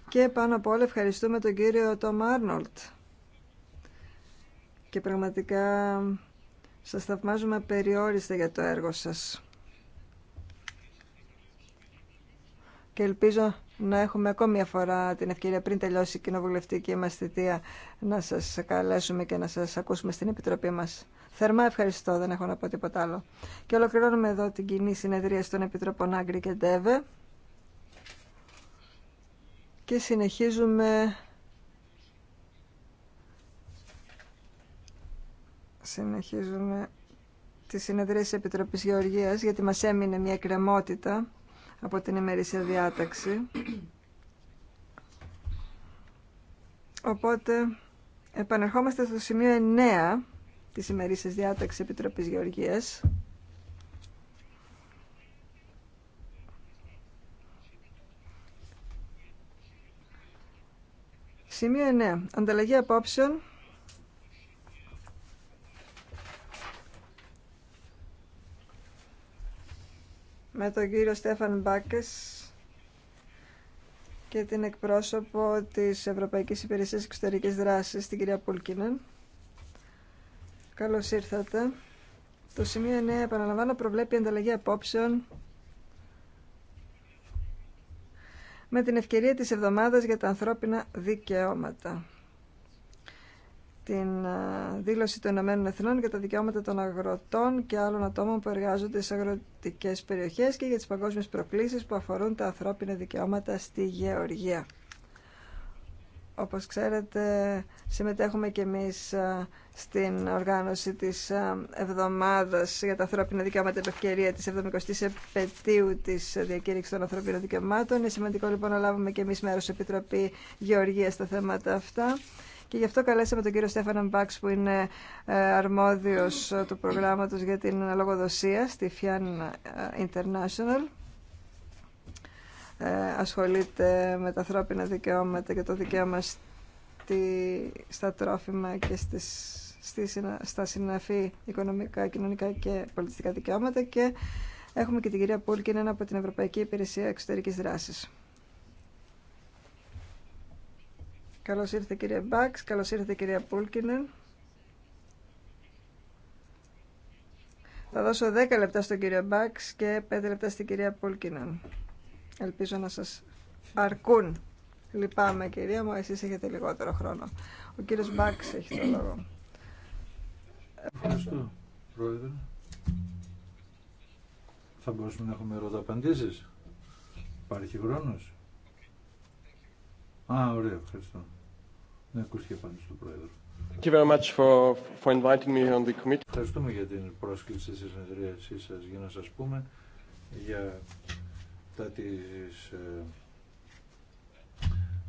[SPEAKER 1] και πάνω απ' όλα ευχαριστούμε τον κύριο Τόμ Άρνολτ. Και πραγματικά σας θαυμάζουμε περιόριστα για το έργο σας. και ελπίζω να έχουμε ακόμη μια φορά την ευκαιρία πριν τελειώσει η κοινοβουλευτική μας θητεία να σας καλέσουμε και να σας ακούσουμε στην Επιτροπή μας. Θερμά ευχαριστώ, δεν έχω να πω τίποτα άλλο. Και ολοκληρώνουμε εδώ την κοινή συνεδρία των Επιτροπών Άγκρη και Ντέβε και συνεχίζουμε... Συνεχίζουμε τη συνεδρία της Επιτροπής Γεωργίας γιατί μας έμεινε μια κρεμότητα από την ημερήσια διάταξη. Οπότε επανερχόμαστε στο σημείο 9 της ημερήσιας διάταξης Επιτροπής Γεωργίας. Σημείο 9. Ανταλλαγή απόψεων με τον κύριο Στέφαν Μπάκες και την εκπρόσωπο της Ευρωπαϊκής Υπηρεσίας Εξωτερικής Δράσης, την κυρία Πούλκινεν. Καλώς ήρθατε. Το σημείο 9, επαναλαμβάνω, προβλέπει ανταλλαγή απόψεων με την ευκαιρία της εβδομάδας για τα ανθρώπινα δικαιώματα την ε, δήλωση των Ηνωμένων Εθνών για τα δικαιώματα των αγροτών και άλλων ατόμων που εργάζονται σε αγροτικές περιοχές και για τις παγκόσμιες προκλήσεις που αφορούν τα ανθρώπινα δικαιώματα στη γεωργία. Όπως ξέρετε, συμμετέχουμε και εμείς ε, στην οργάνωση της ε, εβδομάδας για τα ανθρώπινα δικαιώματα επ' ευκαιρία της 70ης επαιτίου της διακήρυξης των ανθρώπινων δικαιωμάτων. Είναι σημαντικό λοιπόν να λάβουμε και εμείς μέρος Επιτροπή Γεωργίας στα θέματα αυτά και γι' αυτό καλέσαμε τον κύριο Στέφανο Μπάξ που είναι ε, αρμόδιος ε, του προγράμματος για την λογοδοσία στη FIAN ε, International. ασχολείται με τα ανθρώπινα δικαιώματα και το δικαίωμα στη, στα τρόφιμα και στις, στα συναφή οικονομικά, κοινωνικά και πολιτιστικά δικαιώματα και έχουμε και την κυρία Πούλκιν από την Ευρωπαϊκή Υπηρεσία Εξωτερικής Δράσης. Καλώς ήρθε, κυρία Μπάξ, καλώς ήρθε, κυρία Πούλκινεν. Θα δώσω 10 λεπτά στον κύριο Μπάξ και 5 λεπτά στην κυρία Πούλκινεν. Ελπίζω να σας αρκούν. Λυπάμαι κυρία μου, εσείς έχετε λιγότερο χρόνο. Ο κύριος Μπάξ έχει το λόγο. Ευχαριστώ,
[SPEAKER 3] Πρόεδρε. Θα μπορούσαμε να έχουμε απαντήσεις. Υπάρχει χρόνος. Α, ωραία, ευχαριστώ. Να απάντηση του Πρόεδρου.
[SPEAKER 4] Thank you very much for, for inviting me on the committee.
[SPEAKER 3] Ευχαριστούμε για την πρόσκληση στη συνεδρίασή σας για να σας πούμε για τα της ε,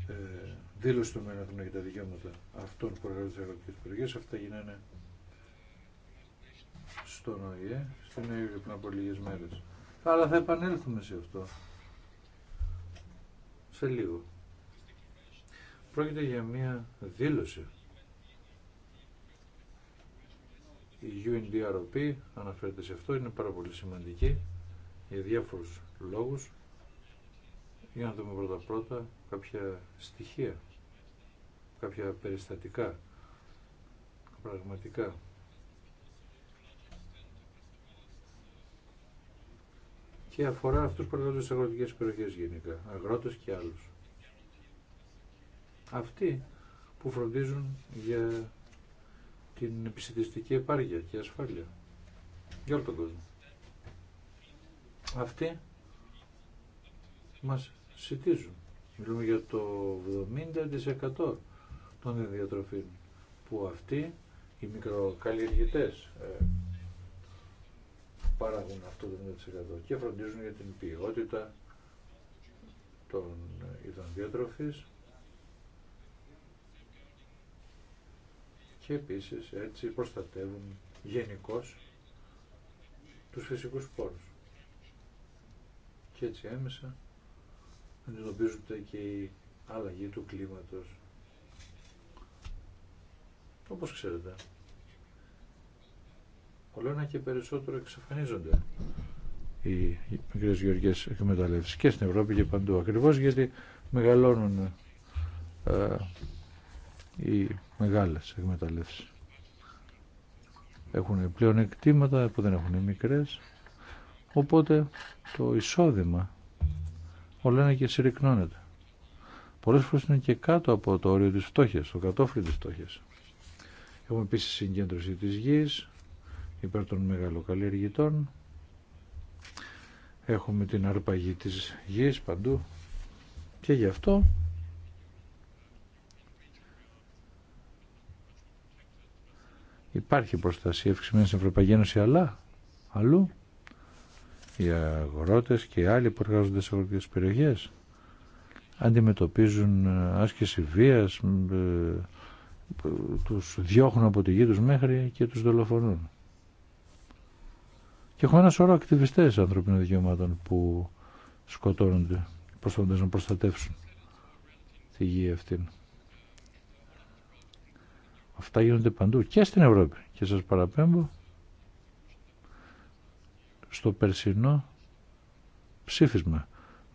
[SPEAKER 3] ε, δήλωση των για τα δικαιώματα αυτών που εργάζονται στις ευρωπαϊκές περιοχές. Αυτά γίνανε στον ΟΗΕ, στην ΟΗΕ πριν από λίγες μέρες. Αλλά θα επανέλθουμε σε αυτό σε λίγο. Πρόκειται για μία δήλωση. Η UNDRP αναφέρεται σε αυτό, είναι πάρα πολύ σημαντική για διάφορους λόγους. Για να δούμε πρώτα πρώτα κάποια στοιχεία, κάποια περιστατικά, πραγματικά. Και αφορά αυτούς που εργάζονται σε αγροτικές περιοχές γενικά, αγρότες και άλλους αυτοί που φροντίζουν για την επιστημιστική επάρκεια και ασφάλεια για όλο τον κόσμο. Αυτοί μας σητίζουν. Μιλούμε για το 70% των διατροφών που αυτοί οι μικροκαλλιεργητές ε, παράγουν αυτό το 70% και φροντίζουν για την ποιότητα των ε, ειδών και επίσης έτσι προστατεύουν γενικώ τους φυσικούς πόρους. Και έτσι έμεσα αντιμετωπίζονται και η αλλαγή του κλίματος. Όπως ξέρετε, όλο ένα και περισσότερο εξαφανίζονται οι μικρές γεωργίες εκμεταλλεύσεις και στην Ευρώπη και παντού. Ακριβώς γιατί μεγαλώνουν ε, οι μεγάλες εκμεταλλεύσεις. Έχουν πλέον εκτήματα που δεν έχουν μικρές, οπότε το εισόδημα όλα είναι και συρρυκνώνεται. Πολλές φορές είναι και κάτω από το όριο της φτώχειας, το κατόφλι της φτώχειας. Έχουμε επίσης συγκέντρωση της γης, υπέρ των μεγαλοκαλλιεργητών. Έχουμε την αρπαγή της γης παντού και γι' αυτό Υπάρχει προστασία ευξημένη στην Ευρωπαϊκή Ένωση, αλλά αλλού οι αγρότες και οι άλλοι που εργάζονται σε αγροτικές περιοχές αντιμετωπίζουν ε, άσκηση βίας, ε, τους διώχνουν από τη γη τους μέχρι και τους δολοφονούν. Και έχουμε ένα σώρο ακτιβιστές ανθρωπίνων δικαιωμάτων που σκοτώνονται, προσπαθούν να προστατεύσουν τη γη αυτήν. Αυτά γίνονται παντού και στην Ευρώπη. Και σας παραπέμπω στο περσινό ψήφισμα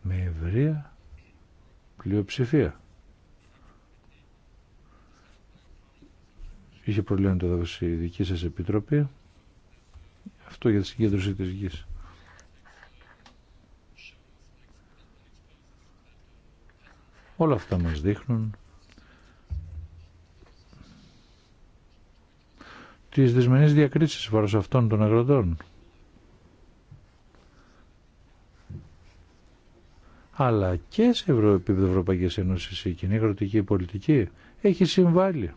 [SPEAKER 3] με ευρεία πλειοψηφία. Είχε προβλήματα εδώ η δική σας επιτροπή. Αυτό για τη συγκέντρωση της γης. Όλα αυτά μας δείχνουν τις δυσμενείς διακρίσεις βάρος αυτών των αγροτών. Αλλά και σε επίπεδο Ευρωπαϊκή Ένωση η κοινή αγροτική πολιτική έχει συμβάλει.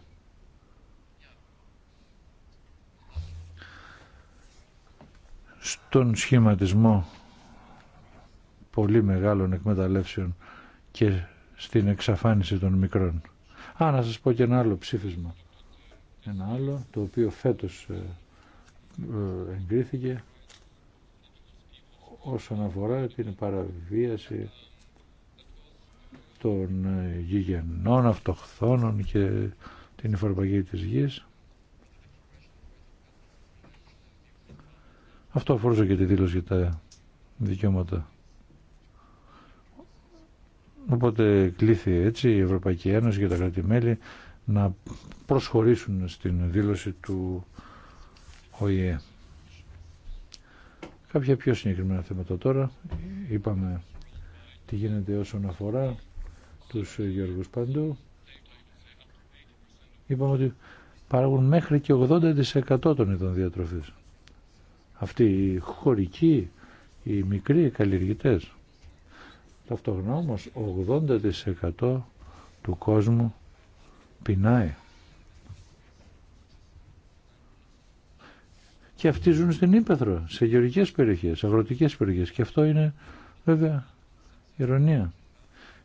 [SPEAKER 3] Στον σχηματισμό πολύ μεγάλων εκμεταλλεύσεων και στην εξαφάνιση των μικρών. Α, να σας πω και ένα άλλο ψήφισμα ένα άλλο το οποίο φέτος ε, ε, εγκρίθηκε όσον αφορά την παραβίαση των ε, γηγενών, αυτοχθόνων και την υφαρπαγή της γης. Αυτό αφορούσε και τη δήλωση για τα δικαιώματα. Οπότε κλείθη έτσι η Ευρωπαϊκή Ένωση για τα κράτη-μέλη να προσχωρήσουν στην δήλωση του ΟΗΕ. Κάποια πιο συγκεκριμένα θέματα τώρα. Είπαμε τι γίνεται όσον αφορά τους Γεωργούς Παντού. Είπαμε ότι παράγουν μέχρι και 80% των ειδών διατροφής. Αυτοί οι χωρικοί, οι μικροί καλλιεργητές. Ταυτόχρονα όμως 80% του κόσμου πεινάει. Και αυτοί ζουν στην Ήπεθρο, σε γεωργικές περιοχές, αγροτικές περιοχές. Και αυτό είναι βέβαια ηρωνία.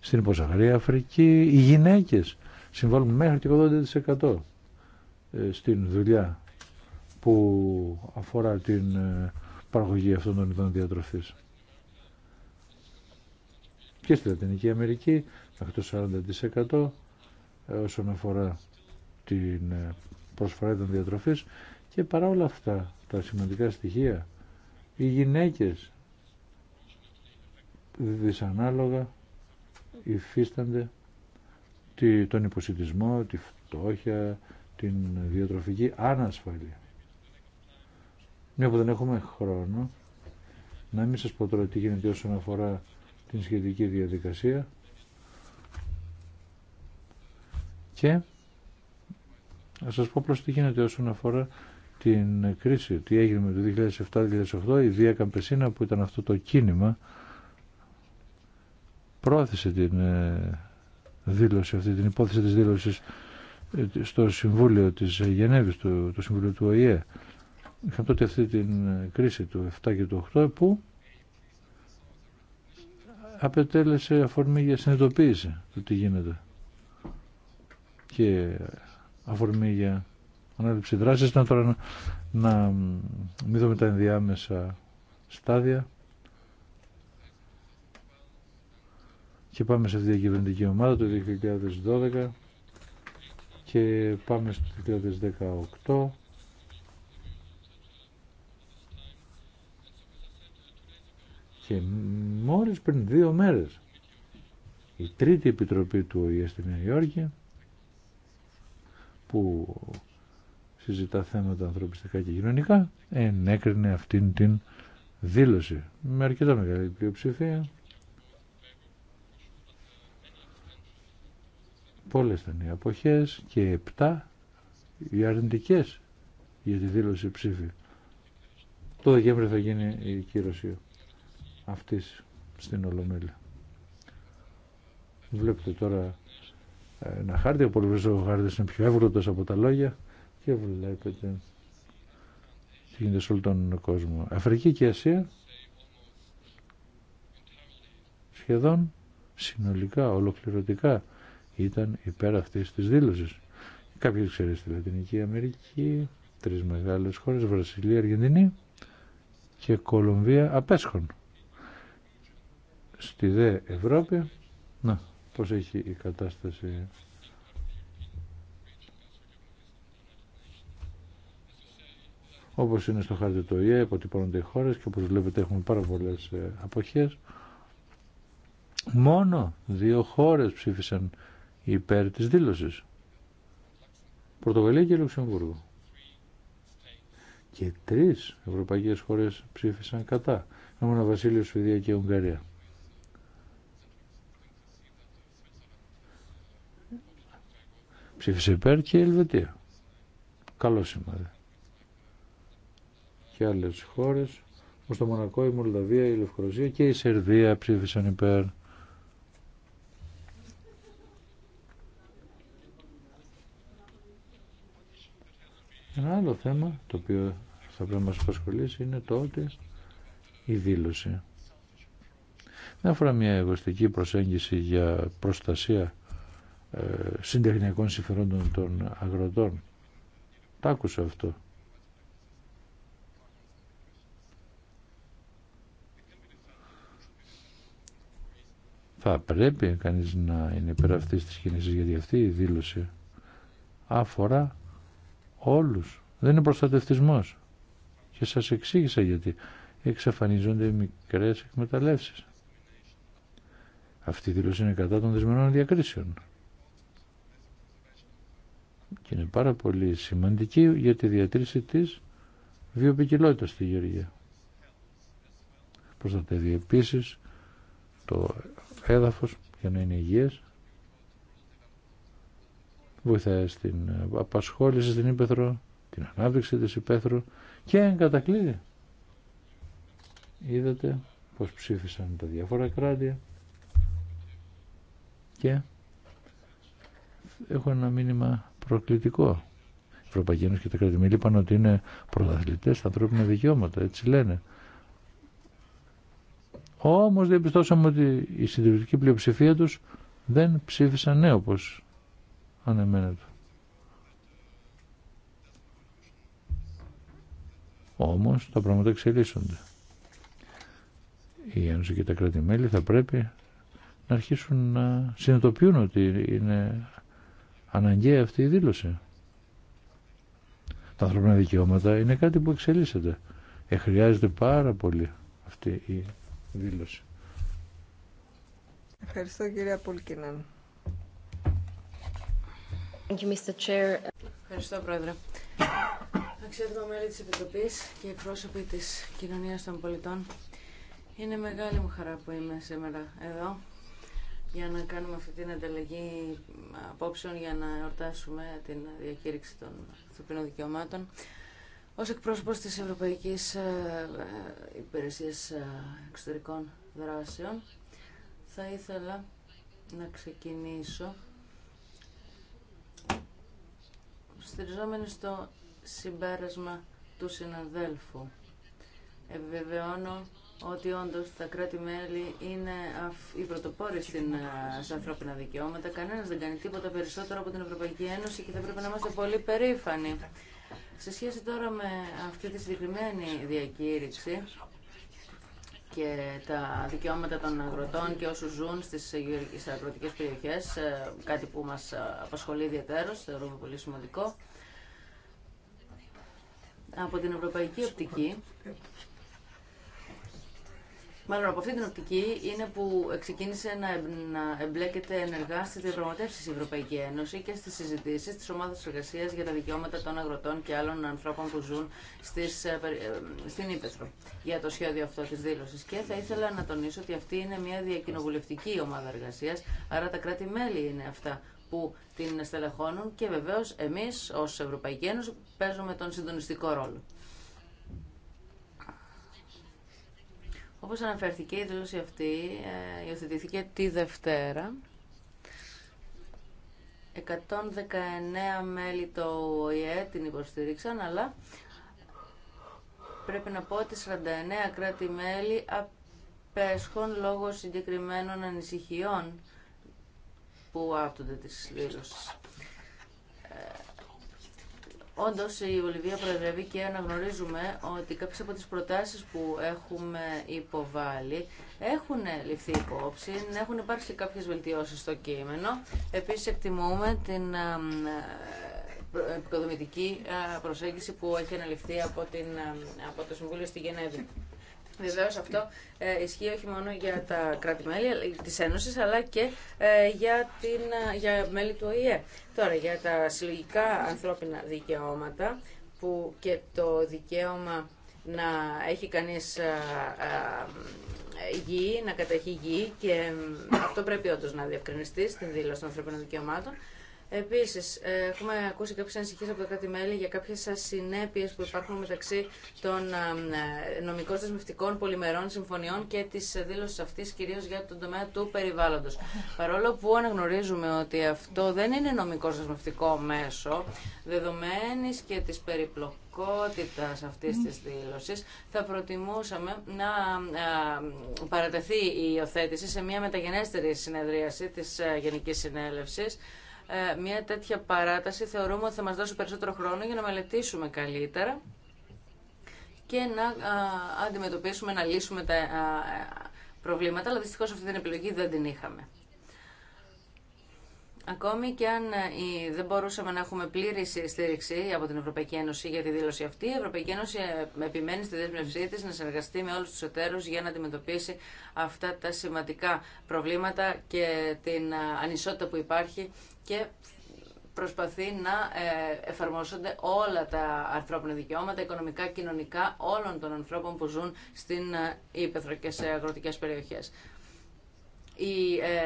[SPEAKER 3] Στην υποσαχαρία Αφρική οι γυναίκες συμβάλλουν μέχρι το 80% ε, στην δουλειά που αφορά την ε, παραγωγή αυτών των ειδών διατροφής. Και στη Λατινική Αμερική μέχρι το 40% όσον αφορά την ε, προσφορά των διατροφής και παρά όλα αυτά τα σημαντικά στοιχεία οι γυναίκες δυσανάλογα υφίστανται τον υποσυντισμό, τη φτώχεια, την διατροφική ανασφάλεια. Μια που δεν έχουμε χρόνο, να μην σας πω τώρα τι γίνεται όσον αφορά την σχετική διαδικασία, Και θα σας πω απλώς τι γίνεται όσον αφορά την κρίση, τι έγινε με το 2007-2008, η Δία Καμπεσίνα που ήταν αυτό το κίνημα πρόθεσε την ε, δήλωση αυτή, την υπόθεση της δήλωσης ε, στο Συμβούλιο της Γενέβης, το, το Συμβούλιο του ΟΗΕ. Είχαμε τότε αυτή την ε, κρίση του 7 και του 8 που απετέλεσε αφορμή για συνειδητοποίηση του τι γίνεται και αφορμή για ανάληψη δράση. Να τώρα να μην δούμε τα ενδιάμεσα στάδια. Και πάμε σε αυτή τη διακυβερνητική ομάδα το 2012 και πάμε στο 2018. Και μόλις πριν δύο μέρες η τρίτη επιτροπή του ΟΗΕ στη Νέα Υόρκη που συζητά θέματα ανθρωπιστικά και κοινωνικά ενέκρινε αυτήν την δήλωση με αρκετά μεγάλη πλειοψηφία Πολλέ ήταν οι αποχές και επτά οι αρνητικές για τη δήλωση ψήφι το Δεκέμβρη θα γίνει η κύρωση αυτής στην Ολομέλεια βλέπετε τώρα ένα χάρτη, ο ο χάρτης είναι πιο εύρωτο από τα λόγια και βλέπετε τι γίνεται σε όλο τον κόσμο. Αφρική και Ασία σχεδόν συνολικά, ολοκληρωτικά ήταν υπέρ αυτής της δήλωσης. Κάποιοι ξέρει στη Λατινική Αμερική, τρεις μεγάλες χώρες, Βραζιλία, Αργεντινή και Κολομβία απέσχον. Στη δε Ευρώπη, να, Πώς έχει η κατάσταση. Όπως είναι στο χάρτη του ΙΕ, αποτυπώνονται οι χώρες και όπως βλέπετε έχουμε πάρα πολλές ε, αποχές. Μόνο δύο χώρες ψήφισαν υπέρ της δήλωσης. Πορτογαλία και Λουξεμβούργο. Και τρεις ευρωπαϊκές χώρες ψήφισαν κατά. μόνο Βασίλειο, Σουηδία και Ουγγαρία. Ψήφισε υπέρ και η Ελβετία. Καλό σημάδι. Και άλλε χώρες, όπω το Μονακό, η Μολδαβία, η Λευκορωσία και η Σερβία ψήφισαν υπέρ. Ένα άλλο θέμα το οποίο θα πρέπει να μας απασχολήσει είναι το ότι η δήλωση. Δεν αφορά μια εγωστική προσέγγιση για προστασία ε, συντεχνιακών συμφερόντων των αγροτών. Τ' άκουσα αυτό. Θα πρέπει κανείς να είναι πέρα αυτής της κίνησης γιατί αυτή η δήλωση αφορά όλους. Δεν είναι προστατευτισμός. Και σας εξήγησα γιατί εξαφανίζονται μικρές εκμεταλλεύσεις. Αυτή η δήλωση είναι κατά των δεσμενών διακρίσεων και είναι πάρα πολύ σημαντική για τη διατήρηση της βιοπικιλότητας στη Γεωργία. Προστατεύει επίση το έδαφος για να είναι υγιές. Βοηθάει στην απασχόληση στην ύπεθρο, την ανάπτυξη της Υπέθρου και κατακλή. Είδατε πως ψήφισαν τα διάφορα κράτη και έχω ένα μήνυμα προκλητικό. Η Ευρωπαϊκή Ένωση και τα κράτη-μέλη είπαν ότι είναι πρωταθλητέ στα ανθρώπινα δικαιώματα, έτσι λένε. Όμως διαπιστώσαμε ότι η συντηρητική πλειοψηφία του δεν ψήφισαν ναι όπω ανεμένεται. Όμως τα πράγματα εξελίσσονται. Η Ένωση και τα κράτη-μέλη θα πρέπει να αρχίσουν να συνειδητοποιούν ότι είναι αναγκαία αυτή η δήλωση. Τα ανθρώπινα δικαιώματα είναι κάτι που εξελίσσεται. Εχρειάζεται πάρα πολύ αυτή η δήλωση.
[SPEAKER 1] Ευχαριστώ κυρία Πούλκιναν. Ευχαριστώ πρόεδρε. Αξιότιμα μέλη της Επιτροπής
[SPEAKER 2] και εκπρόσωποι της κοινωνίας των πολιτών. Είναι μεγάλη μου χαρά που είμαι σήμερα εδώ για να κάνουμε αυτή την ανταλλαγή απόψεων για να εορτάσουμε την διακήρυξη των ανθρωπίνων δικαιωμάτων. Ως εκπρόσωπος της Ευρωπαϊκής ε, Υπηρεσίας ε, Εξωτερικών Δράσεων θα ήθελα να ξεκινήσω στηριζόμενη στο συμπέρασμα του συναδέλφου. Επιβεβαιώνω ότι όντως τα κράτη-μέλη είναι οι πρωτοπόροι στην, ε, στα ανθρώπινα δικαιώματα. Κανένας δεν κάνει τίποτα περισσότερο από την Ευρωπαϊκή Ένωση και θα πρέπει να είμαστε πολύ περήφανοι. Σε σχέση τώρα με αυτή τη συγκεκριμένη διακήρυξη και τα δικαιώματα των αγροτών και όσους ζουν στις ε, αγροτικές περιοχές, ε, κάτι που μας απασχολεί ιδιαίτερως, θεωρούμε πολύ σημαντικό, από την ευρωπαϊκή οπτική Μάλλον από αυτή την οπτική είναι που ξεκίνησε να εμπλέκεται ενεργά στι διαπραγματεύσει η Ευρωπαϊκή Ένωση και στι συζητήσει τη Ομάδα Εργασία για τα Δικαιώματα των Αγροτών και άλλων ανθρώπων που ζουν στις, ε, ε, στην Ήπεθρο για το σχέδιο αυτό τη δήλωση. Και θα ήθελα να τονίσω ότι αυτή είναι μια διακοινοβουλευτική ομάδα εργασία, άρα τα κράτη-μέλη είναι αυτά που την στελεχώνουν και βεβαίω εμεί ω Ευρωπαϊκή Ένωση παίζουμε τον συντονιστικό ρόλο. Όπως αναφέρθηκε, η δήλωση αυτή ε, υιοθετήθηκε τη Δευτέρα. 119 μέλη το ΟΗΕ την υποστηρίξαν, αλλά πρέπει να πω ότι 49 κράτη-μέλη απέσχον λόγω συγκεκριμένων ανησυχιών που άπτονται της δήλωσης. Όντω η Ολυβία προεδρεύει και αναγνωρίζουμε ότι κάποιε από τι προτάσει που έχουμε υποβάλει έχουν ληφθεί υπόψη, έχουν υπάρξει κάποιε βελτιώσει στο κείμενο. Επίση, εκτιμούμε την ε, ε, επικοδομητική ε, προσέγγιση που έχει αναλυφθεί από, την, από το Συμβούλιο στη Γενέβη. Βεβαίω αυτό ε, ισχύει όχι μόνο για τα κράτη-μέλη τη Ένωση, αλλά και ε, για, την, ε, για μέλη του ΟΗΕ. Τώρα, για τα συλλογικά ανθρώπινα δικαιώματα που και το δικαίωμα να έχει κανείς γη, να καταχεί γη και αυτό πρέπει όντω να διευκρινιστεί στην δήλωση των ανθρωπίνων δικαιωμάτων. Επίσης, ε, έχουμε ακούσει κάποιες ανησυχίες από τα κράτη-μέλη για κάποιες ασυνέπειες που υπάρχουν μεταξύ των ε, νομικών δεσμευτικών πολυμερών συμφωνιών και της δήλωση αυτής, κυρίως για τον τομέα του περιβάλλοντος. Παρόλο που αναγνωρίζουμε ότι αυτό δεν είναι νομικό δεσμευτικό μέσο, δεδομένης και της περιπλοκότητας αυτής τη δήλωση, θα προτιμούσαμε να ε, παρατεθεί η υιοθέτηση σε μια μεταγενέστερη συνεδρίαση της γενική συνέλευση. Ε, μια τέτοια παράταση θεωρούμε ότι θα μας δώσει περισσότερο χρόνο για να μελετήσουμε καλύτερα και να αντιμετωπίσουμε, να λύσουμε τα προβλήματα, αλλά δυστυχώς αυτή την επιλογή δεν την είχαμε. Ακόμη και αν ε, δεν μπορούσαμε να έχουμε πλήρη στήριξη από την Ευρωπαϊκή Ένωση για τη δήλωση αυτή, η Ευρωπαϊκή Ένωση ε, επιμένει στη δέσμευσή τη να συνεργαστεί με όλου του εταίρου για να αντιμετωπίσει αυτά τα σημαντικά προβλήματα και την ανισότητα που υπάρχει και προσπαθεί να ε, εφαρμόσονται όλα τα ανθρώπινα δικαιώματα, οικονομικά, κοινωνικά, όλων των ανθρώπων που ζουν στην ε, Ήπεθρο και σε αγροτικές περιοχές η ε,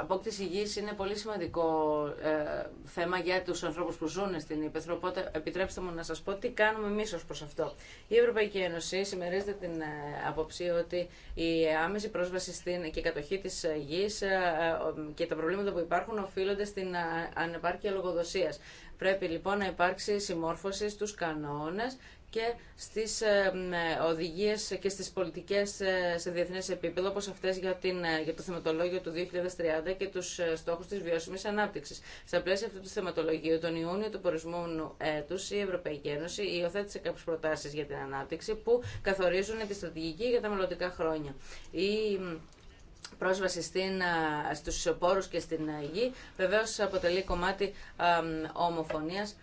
[SPEAKER 2] απόκτηση γη είναι πολύ σημαντικό ε, θέμα για τους ανθρώπους που ζουν στην Ήπεθρο, οπότε επιτρέψτε μου να σα πω τι κάνουμε εμείς ως προς αυτό. Η Ευρωπαϊκή Ένωση συμμερίζεται την ε, άποψη ότι η άμεση πρόσβαση στην και η κατοχή της γης και τα προβλήματα που υπάρχουν οφείλονται στην ανεπάρκεια λογοδοσίας. Πρέπει λοιπόν να υπάρξει συμμόρφωση στους κανόνε και στις ε, ε, οδηγίες και στις πολιτικές ε, σε διεθνές επίπεδο όπως αυτές για, για το θεματολόγιο του 2030 και τους στόχους της βιώσιμης ανάπτυξης. Στα πλαίσια αυτού του θεματολογίου, τον Ιούνιο του προηγούμενου έτους η Ευρωπαϊκή Ένωση υιοθέτησε κάποιες προτάσεις για την ανάπτυξη που καθορίζουν τη στρατηγική για τα μελλοντικά χρόνια. Η πρόσβαση στην, στους πόρους και στην γη βεβαίως αποτελεί κομμάτι ομοφωνίας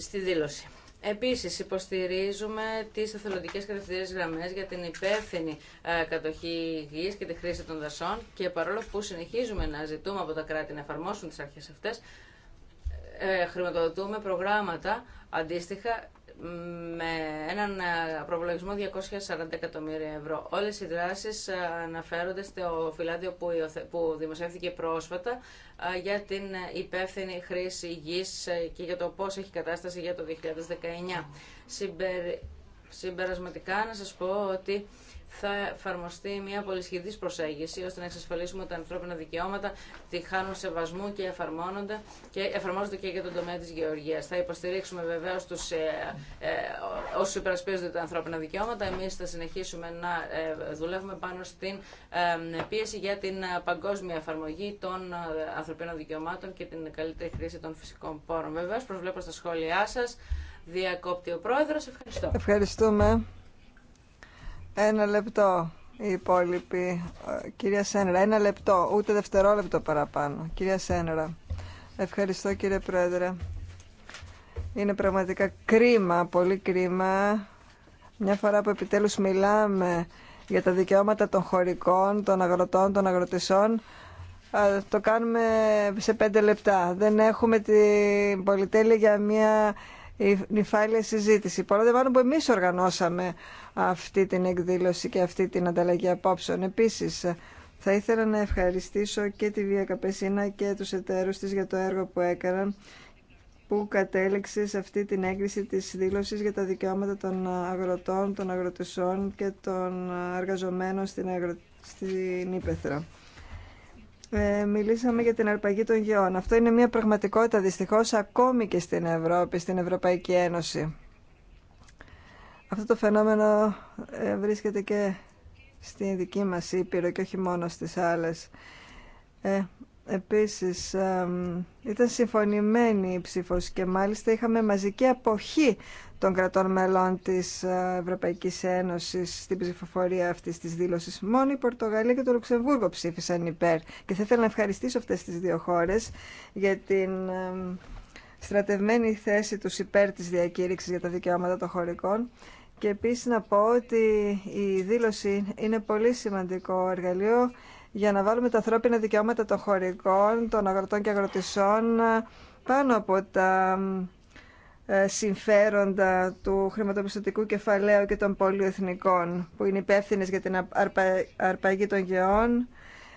[SPEAKER 2] στη δήλωση. Επίσης, υποστηρίζουμε τις και κατευθυντήριες γραμμές για την υπεύθυνη ε, κατοχή γης και τη χρήση των δασών και παρόλο που συνεχίζουμε να ζητούμε από τα κράτη να εφαρμόσουν τις αρχές αυτές, ε, ε, χρηματοδοτούμε προγράμματα αντίστοιχα με έναν ε, προπολογισμό 240 εκατομμύρια ευρώ. Όλες οι δράσεις ε, αναφέρονται στο φυλάδιο που δημοσιεύθηκε πρόσφατα ε, για την υπεύθυνη χρήση γης και για το πώς έχει κατάσταση για το 2019. Συμπερασματικά να σας πω ότι θα εφαρμοστεί μια πολυσχεδής προσέγγιση ώστε να εξασφαλίσουμε ότι τα ανθρώπινα δικαιώματα τη χάνουν σεβασμού και εφαρμόνονται και εφαρμόζονται και για τον τομέα της γεωργίας. Θα υποστηρίξουμε βεβαίω ε, ε, όσους υπερασπίζονται τα ανθρώπινα δικαιώματα. Εμείς θα συνεχίσουμε να ε, δουλεύουμε πάνω στην ε, πίεση για την ε, παγκόσμια εφαρμογή των ανθρωπίνων δικαιωμάτων και την καλύτερη χρήση των φυσικών πόρων. Βεβαίως προσβλέπω στα σχόλιά σα, Διακόπτει ο Πρόεδρος.
[SPEAKER 1] Ευχαριστώ. Ευχαριστούμε. Ένα λεπτό οι υπόλοιποι. Ε, κυρία Σένερα, ένα λεπτό, ούτε δευτερόλεπτο παραπάνω. Κυρία Σένερα, ευχαριστώ κύριε Πρόεδρε. Είναι πραγματικά κρίμα, πολύ κρίμα. Μια φορά που επιτέλους μιλάμε για τα δικαιώματα των χωρικών, των αγροτών, των αγροτησών, ε, το κάνουμε σε πέντε λεπτά. Δεν έχουμε την πολυτέλεια για μια η νυφάλια συζήτηση. Πολλά δε που εμείς οργανώσαμε αυτή την εκδήλωση και αυτή την ανταλλαγή απόψεων. Επίσης, θα ήθελα να ευχαριστήσω και τη Βία Καπεσίνα και τους εταίρους της για το έργο που έκαναν που κατέληξε σε αυτή την έγκριση της δήλωσης για τα δικαιώματα των αγροτών, των αγροτεσών και των εργαζομένων στην, στην Ήπεθρα ε, μιλήσαμε για την αρπαγή των γεών. Αυτό είναι μια πραγματικότητα δυστυχώς ακόμη και στην Ευρώπη, στην Ευρωπαϊκή Ένωση. Αυτό το φαινόμενο ε, βρίσκεται και στη δική μας Ήπειρο και όχι μόνο στις άλλες. Ε, επίσης, ε, ήταν συμφωνημένη η ψήφος και μάλιστα είχαμε μαζική αποχή των κρατών μελών της ε, Ευρωπαϊκής Ένωσης στην ψηφοφορία αυτής της δήλωσης. Μόνο η Πορτογαλία και το Λουξεμβούργο ψήφισαν υπέρ. Και θα ήθελα να ευχαριστήσω αυτές τις δύο χώρες για την στρατευμένη θέση τους υπέρ της διακήρυξης για τα δικαιώματα των χωρικών και επίσης να πω ότι η δήλωση είναι πολύ σημαντικό εργαλείο για να βάλουμε τα ανθρώπινα δικαιώματα των χωρικών, των αγροτών και αγροτησών ε, πάνω από τα ε, συμφέροντα του χρηματοπιστωτικού κεφαλαίου και των πολυεθνικών που είναι υπεύθυνε για την αρπαγή των γεών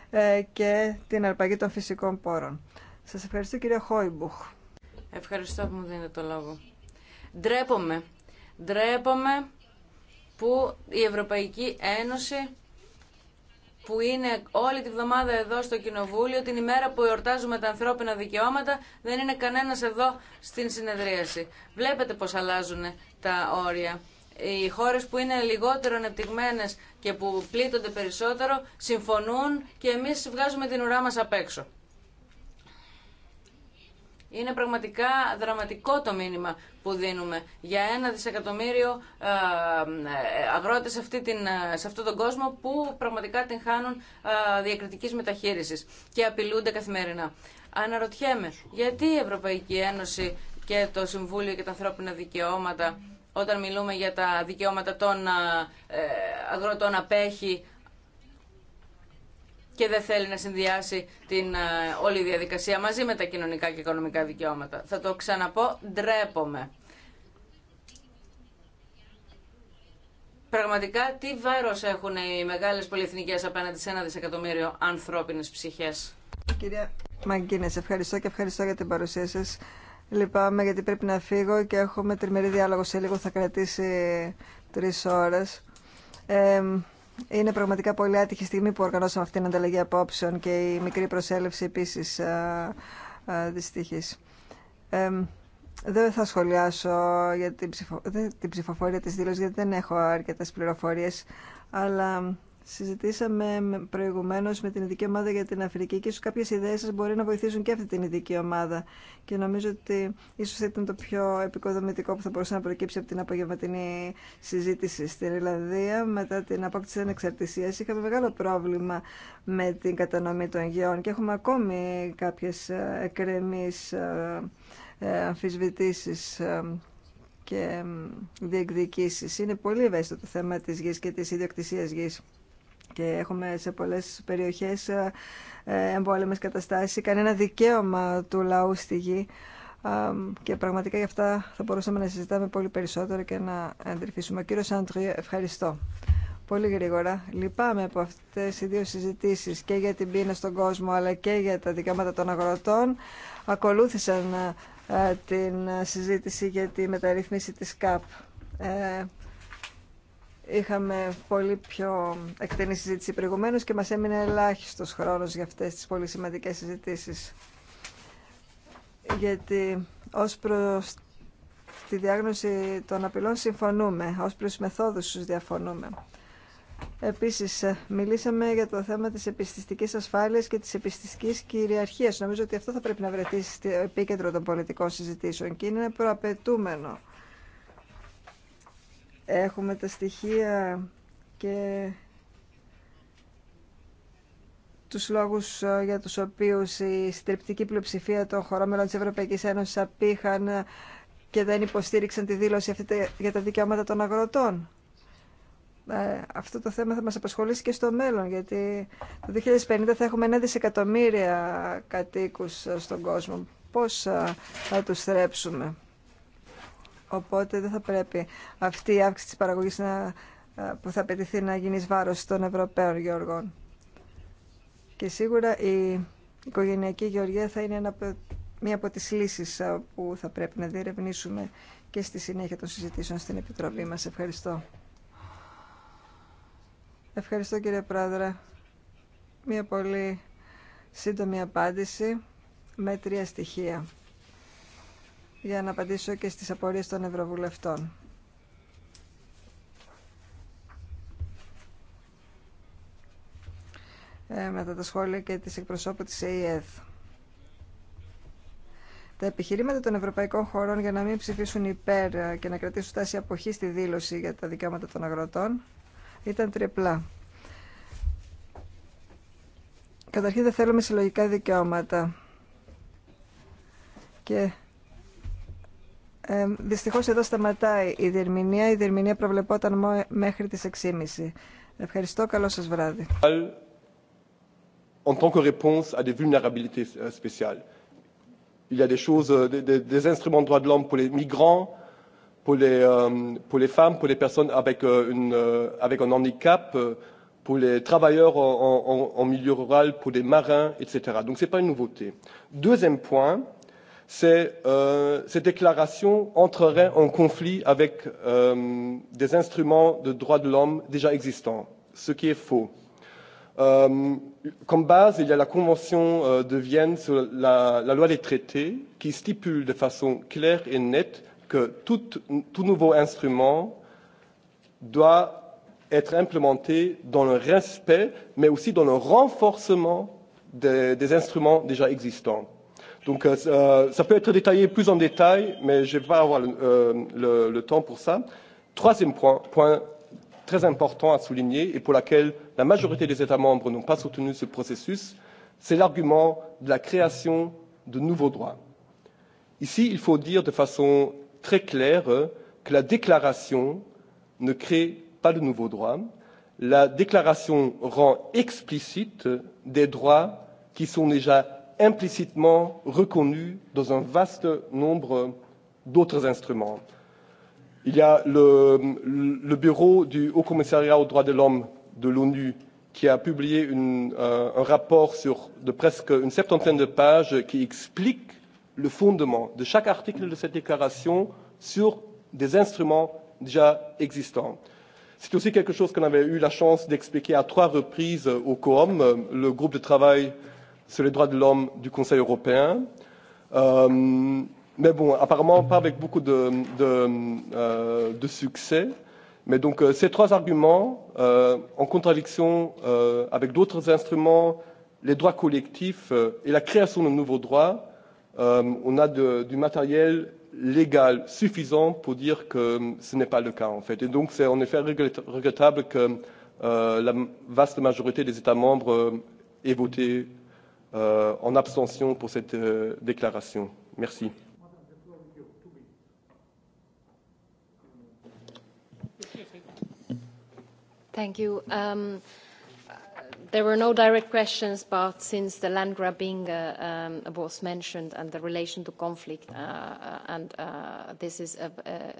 [SPEAKER 1] ε, και την αρπαγή των φυσικών πόρων. Σας ευχαριστώ κύριε Χόιμπουχ.
[SPEAKER 2] Ευχαριστώ που μου δίνετε το λόγο. Ντρέπομαι. Ντρέπομαι που η Ευρωπαϊκή Ένωση που είναι όλη τη βδομάδα εδώ στο Κοινοβούλιο, την ημέρα που εορτάζουμε τα ανθρώπινα δικαιώματα, δεν είναι κανένας εδώ στην συνεδρίαση. Βλέπετε πώς αλλάζουν τα όρια. Οι χώρες που είναι λιγότερο ανεπτυγμένες και που πλήττονται περισσότερο συμφωνούν και εμείς βγάζουμε την ουρά μας απ' έξω. Είναι πραγματικά δραματικό το μήνυμα που δίνουμε για ένα δισεκατομμύριο ε, ε, αγρότες αυτή την, ε, σε αυτόν τον κόσμο που πραγματικά την χάνουν διακριτικής μεταχείρισης και απειλούνται καθημερινά. Αναρωτιέμαι γιατί η Ευρωπαϊκή Ένωση και το Συμβούλιο και τα ανθρώπινα δικαιώματα όταν μιλούμε για τα δικαιώματα των αγροτών απέχει και δεν θέλει να συνδυάσει την ε, όλη διαδικασία μαζί με τα κοινωνικά και οικονομικά δικαιώματα. Θα το ξαναπώ, ντρέπομαι. Πραγματικά τι βάρος έχουν οι μεγάλες πολυεθνικές απέναντι σε ένα δισεκατομμύριο ανθρώπινες ψυχές. Κυρία
[SPEAKER 1] Μαγκίνες, ευχαριστώ και ευχαριστώ για την παρουσία σας. Λυπάμαι γιατί πρέπει να φύγω και έχουμε τριμερή διάλογο σε λίγο, θα κρατήσει τρεις ώρες. Είναι πραγματικά πολύ άτυχη στιγμή που οργανώσαμε αυτήν την ανταλλαγή απόψεων και η μικρή προσέλευση επίση. δυστυχή. Ε, δεν θα σχολιάσω για την, την ψηφοφορία της δήλωσης γιατί δεν έχω αρκετές πληροφορίες αλλά Συζητήσαμε προηγουμένω με την ειδική ομάδα για την Αφρική και ίσω κάποιε ιδέε σα μπορεί να βοηθήσουν και αυτή την ειδική ομάδα. Και νομίζω ότι ίσω ήταν το πιο επικοδομητικό που θα μπορούσε να προκύψει από την απογευματινή συζήτηση στην Ιρλανδία. Μετά την απόκτηση ανεξαρτησία είχαμε μεγάλο πρόβλημα με την κατανομή των γεών και έχουμε ακόμη κάποιε εκκρεμεί ε, ε, αμφισβητήσει ε, και διεκδικήσει. Είναι πολύ ευαίσθητο το θέμα τη γη και τη ιδιοκτησία γη και έχουμε σε πολλές περιοχές ε, εμπόλεμες καταστάσεις, κανένα δικαίωμα του λαού στη γη και πραγματικά γι' αυτά θα μπορούσαμε να συζητάμε πολύ περισσότερο και να εντρυφήσουμε. Κύριο κύριος ευχαριστώ. Πολύ γρήγορα. Λυπάμαι από αυτές οι δύο συζητήσεις και για την πείνα στον κόσμο αλλά και για τα δικαιώματα των αγροτών. Ακολούθησαν ε, την συζήτηση για τη μεταρρύθμιση της ΚΑΠ. Ε, Είχαμε πολύ πιο εκτενή συζήτηση προηγουμένω και μας έμεινε ελάχιστος χρόνος για αυτές τις πολύ σημαντικές συζητήσεις. Γιατί ως προς τη διάγνωση των απειλών συμφωνούμε, ως προς μεθόδους τους διαφωνούμε. Επίσης, ε, μιλήσαμε για το θέμα της επιστηστικής ασφάλειας και της επιστηστικής κυριαρχίας. Νομίζω ότι αυτό θα πρέπει να βρεθεί στο επίκεντρο των πολιτικών συζητήσεων και είναι προαπαιτούμενο Έχουμε τα στοιχεία και τους λόγους ε, για τους οποίους η συντριπτική πλειοψηφία των χωρών μελών της Ευρωπαϊκής Ένωσης απήχαν ε, και δεν υποστήριξαν τη δήλωση αυτή για τα δικαιώματα των αγροτών. Ε, αυτό το θέμα θα μας απασχολήσει και στο μέλλον, γιατί το 2050 θα έχουμε 1 δισεκατομμύρια κατοίκους στον κόσμο. Πώς θα τους θρέψουμε. Οπότε δεν θα πρέπει αυτή η αύξηση της παραγωγής να, ε, που θα απαιτηθεί να γίνει βάρος των Ευρωπαίων γεωργών. Και σίγουρα η οικογενειακή γεωργία θα είναι μία από τις λύσεις ε, που θα πρέπει να διερευνήσουμε και στη συνέχεια των συζητήσεων στην Επιτροπή μας. Ευχαριστώ. Ευχαριστώ κύριε Πρόεδρε. Μία πολύ σύντομη απάντηση με τρία στοιχεία για να απαντήσω και στις απορίες των Ευρωβουλευτών. Ε, μετά τα σχόλια και τις εκπροσώπου της Ε.Ε. Τα επιχειρήματα των ευρωπαϊκών χωρών για να μην ψηφίσουν υπέρ ε, και να κρατήσουν τάση αποχή στη δήλωση για τα δικαιώματα των αγροτών ήταν τριπλά. Καταρχήν δεν θέλουμε συλλογικά δικαιώματα και ε, Δυστυχώ εδώ σταματάει η διερμηνία. Η διερμηνία προβλεπόταν μέχρι τις 6.30. Ευχαριστώ. Καλό σας βράδυ.
[SPEAKER 4] En tant que réponse à des vulnérabilités spéciales. Il y a des choses, des, des instruments de droits de l'homme pour les migrants, pour les, pour les femmes, pour les personnes avec, une, avec un handicap, pour les travailleurs en, en, en milieu rural, pour les marins, etc. Donc ce n'est pas une nouveauté. Deuxième point, ces déclarations entreraient en conflit avec des instruments de droits de l'homme déjà existants, ce qui est faux. Comme base, il y a la Convention de Vienne sur la loi des traités qui stipule de façon claire et nette que tout nouveau instrument doit être implémenté dans le respect, mais aussi dans le renforcement des instruments déjà existants. Donc ça peut être détaillé plus en détail, mais je vais pas avoir le temps pour ça. Troisième point, point très important à souligner et pour laquelle la majorité des États membres n'ont pas soutenu ce processus, c'est l'argument de la création de nouveaux droits. Ici, il faut dire de façon très claire que la déclaration ne crée pas de nouveaux droits. La déclaration rend explicite des droits qui sont déjà implicitement reconnu dans un vaste nombre d'autres instruments. Il y a le bureau du Haut Commissariat aux droits de l'homme de l'ONU qui a publié un rapport sur de presque une septantaine de pages qui explique le fondement de chaque article de cette déclaration sur des instruments déjà existants. C'est aussi quelque chose qu'on avait eu la chance d'expliquer à trois reprises au COOM, le groupe de travail sur les droits de l'homme du Conseil européen. Mais bon, apparemment pas avec beaucoup de, de, de succès. Mais donc ces trois arguments, en contradiction avec d'autres instruments, les droits collectifs et la création de nouveaux droits, on a du matériel légal suffisant pour dire que ce n'est pas le cas en fait. Et donc c'est en effet regrettable que la vaste majorité des États membres aient voté en abstention pour cette déclaration. Merci.
[SPEAKER 5] Thank you. Um, there were no direct questions, but since the land grabbing um, was mentioned and the relation to conflict, uh, and uh, this is an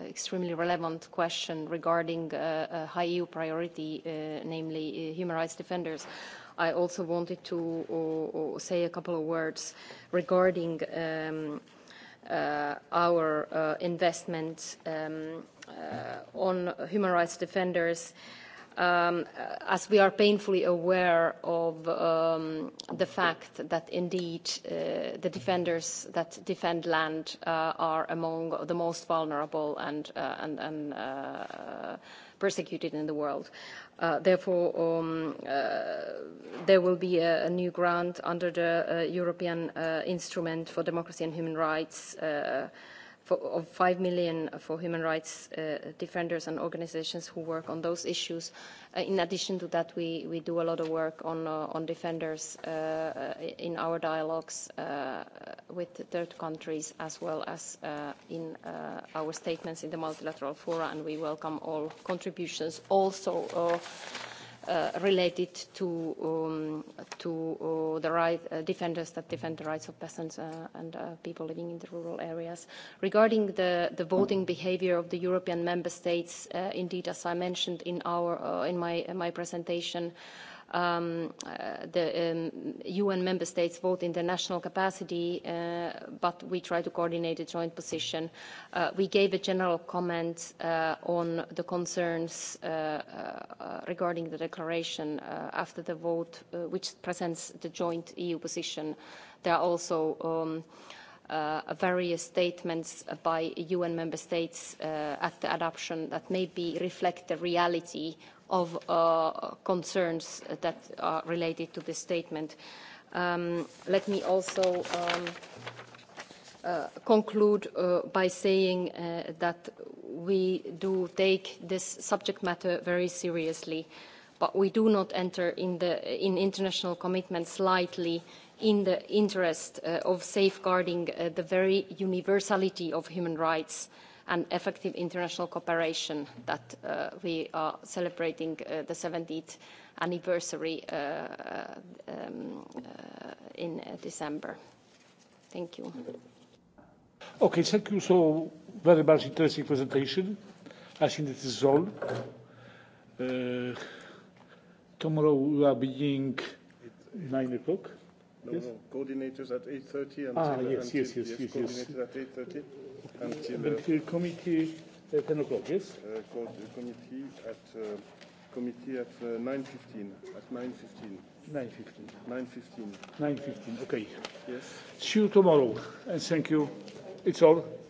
[SPEAKER 5] extremely relevant question regarding uh, a high EU priority, uh, namely uh, human rights defenders, I also wanted to say a couple of words regarding our investment on human rights defenders. As we are painfully aware of the fact that indeed the defenders that defend land are among the most vulnerable and persecuted in the world. Therefore, um there will be a new grant under the European Instrument for Democracy and Human Rights of 5 million for human rights defenders and organizations who work on those issues. In addition to that, we we do a lot of work on on defenders in our dialogues with third countries as well as in our statements in the multilateral fora, and we welcome all contributions also related to to the right defenders that defend the rights of peasants and people living in the rural areas. Regarding the the voting behavior of the European Member States, indeed, as I mentioned in our in my my presentation the UN member states vote in their national capacity, but we try to coordinate a joint position. We gave a general comment on the concerns regarding the declaration after the vote, which presents the joint EU position. There are also various statements by UN member states at the adoption that maybe reflect the reality of concerns that are related to this statement. Let me also conclude by saying that we do take this subject matter very seriously, but we do not enter in international commitments lightly in the interest of safeguarding the very universality of human rights and effective international cooperation that we are celebrating the 70th anniversary in December. Thank you.
[SPEAKER 3] Okay, thank you so very much interesting presentation. I think this is all. Tomorrow we are beginning 9 o'clock.
[SPEAKER 4] No, no, coordinators at 8.30 until... Ah, yes, yes, yes, yes, Coordinators at 8.30 until... Until committee at 10 o'clock, yes? Uh, committee at... committee at 9.15. At 9.15. 9.15. 9.15. 9.15, okay. Yes.
[SPEAKER 3] See you tomorrow, and thank you. It's all.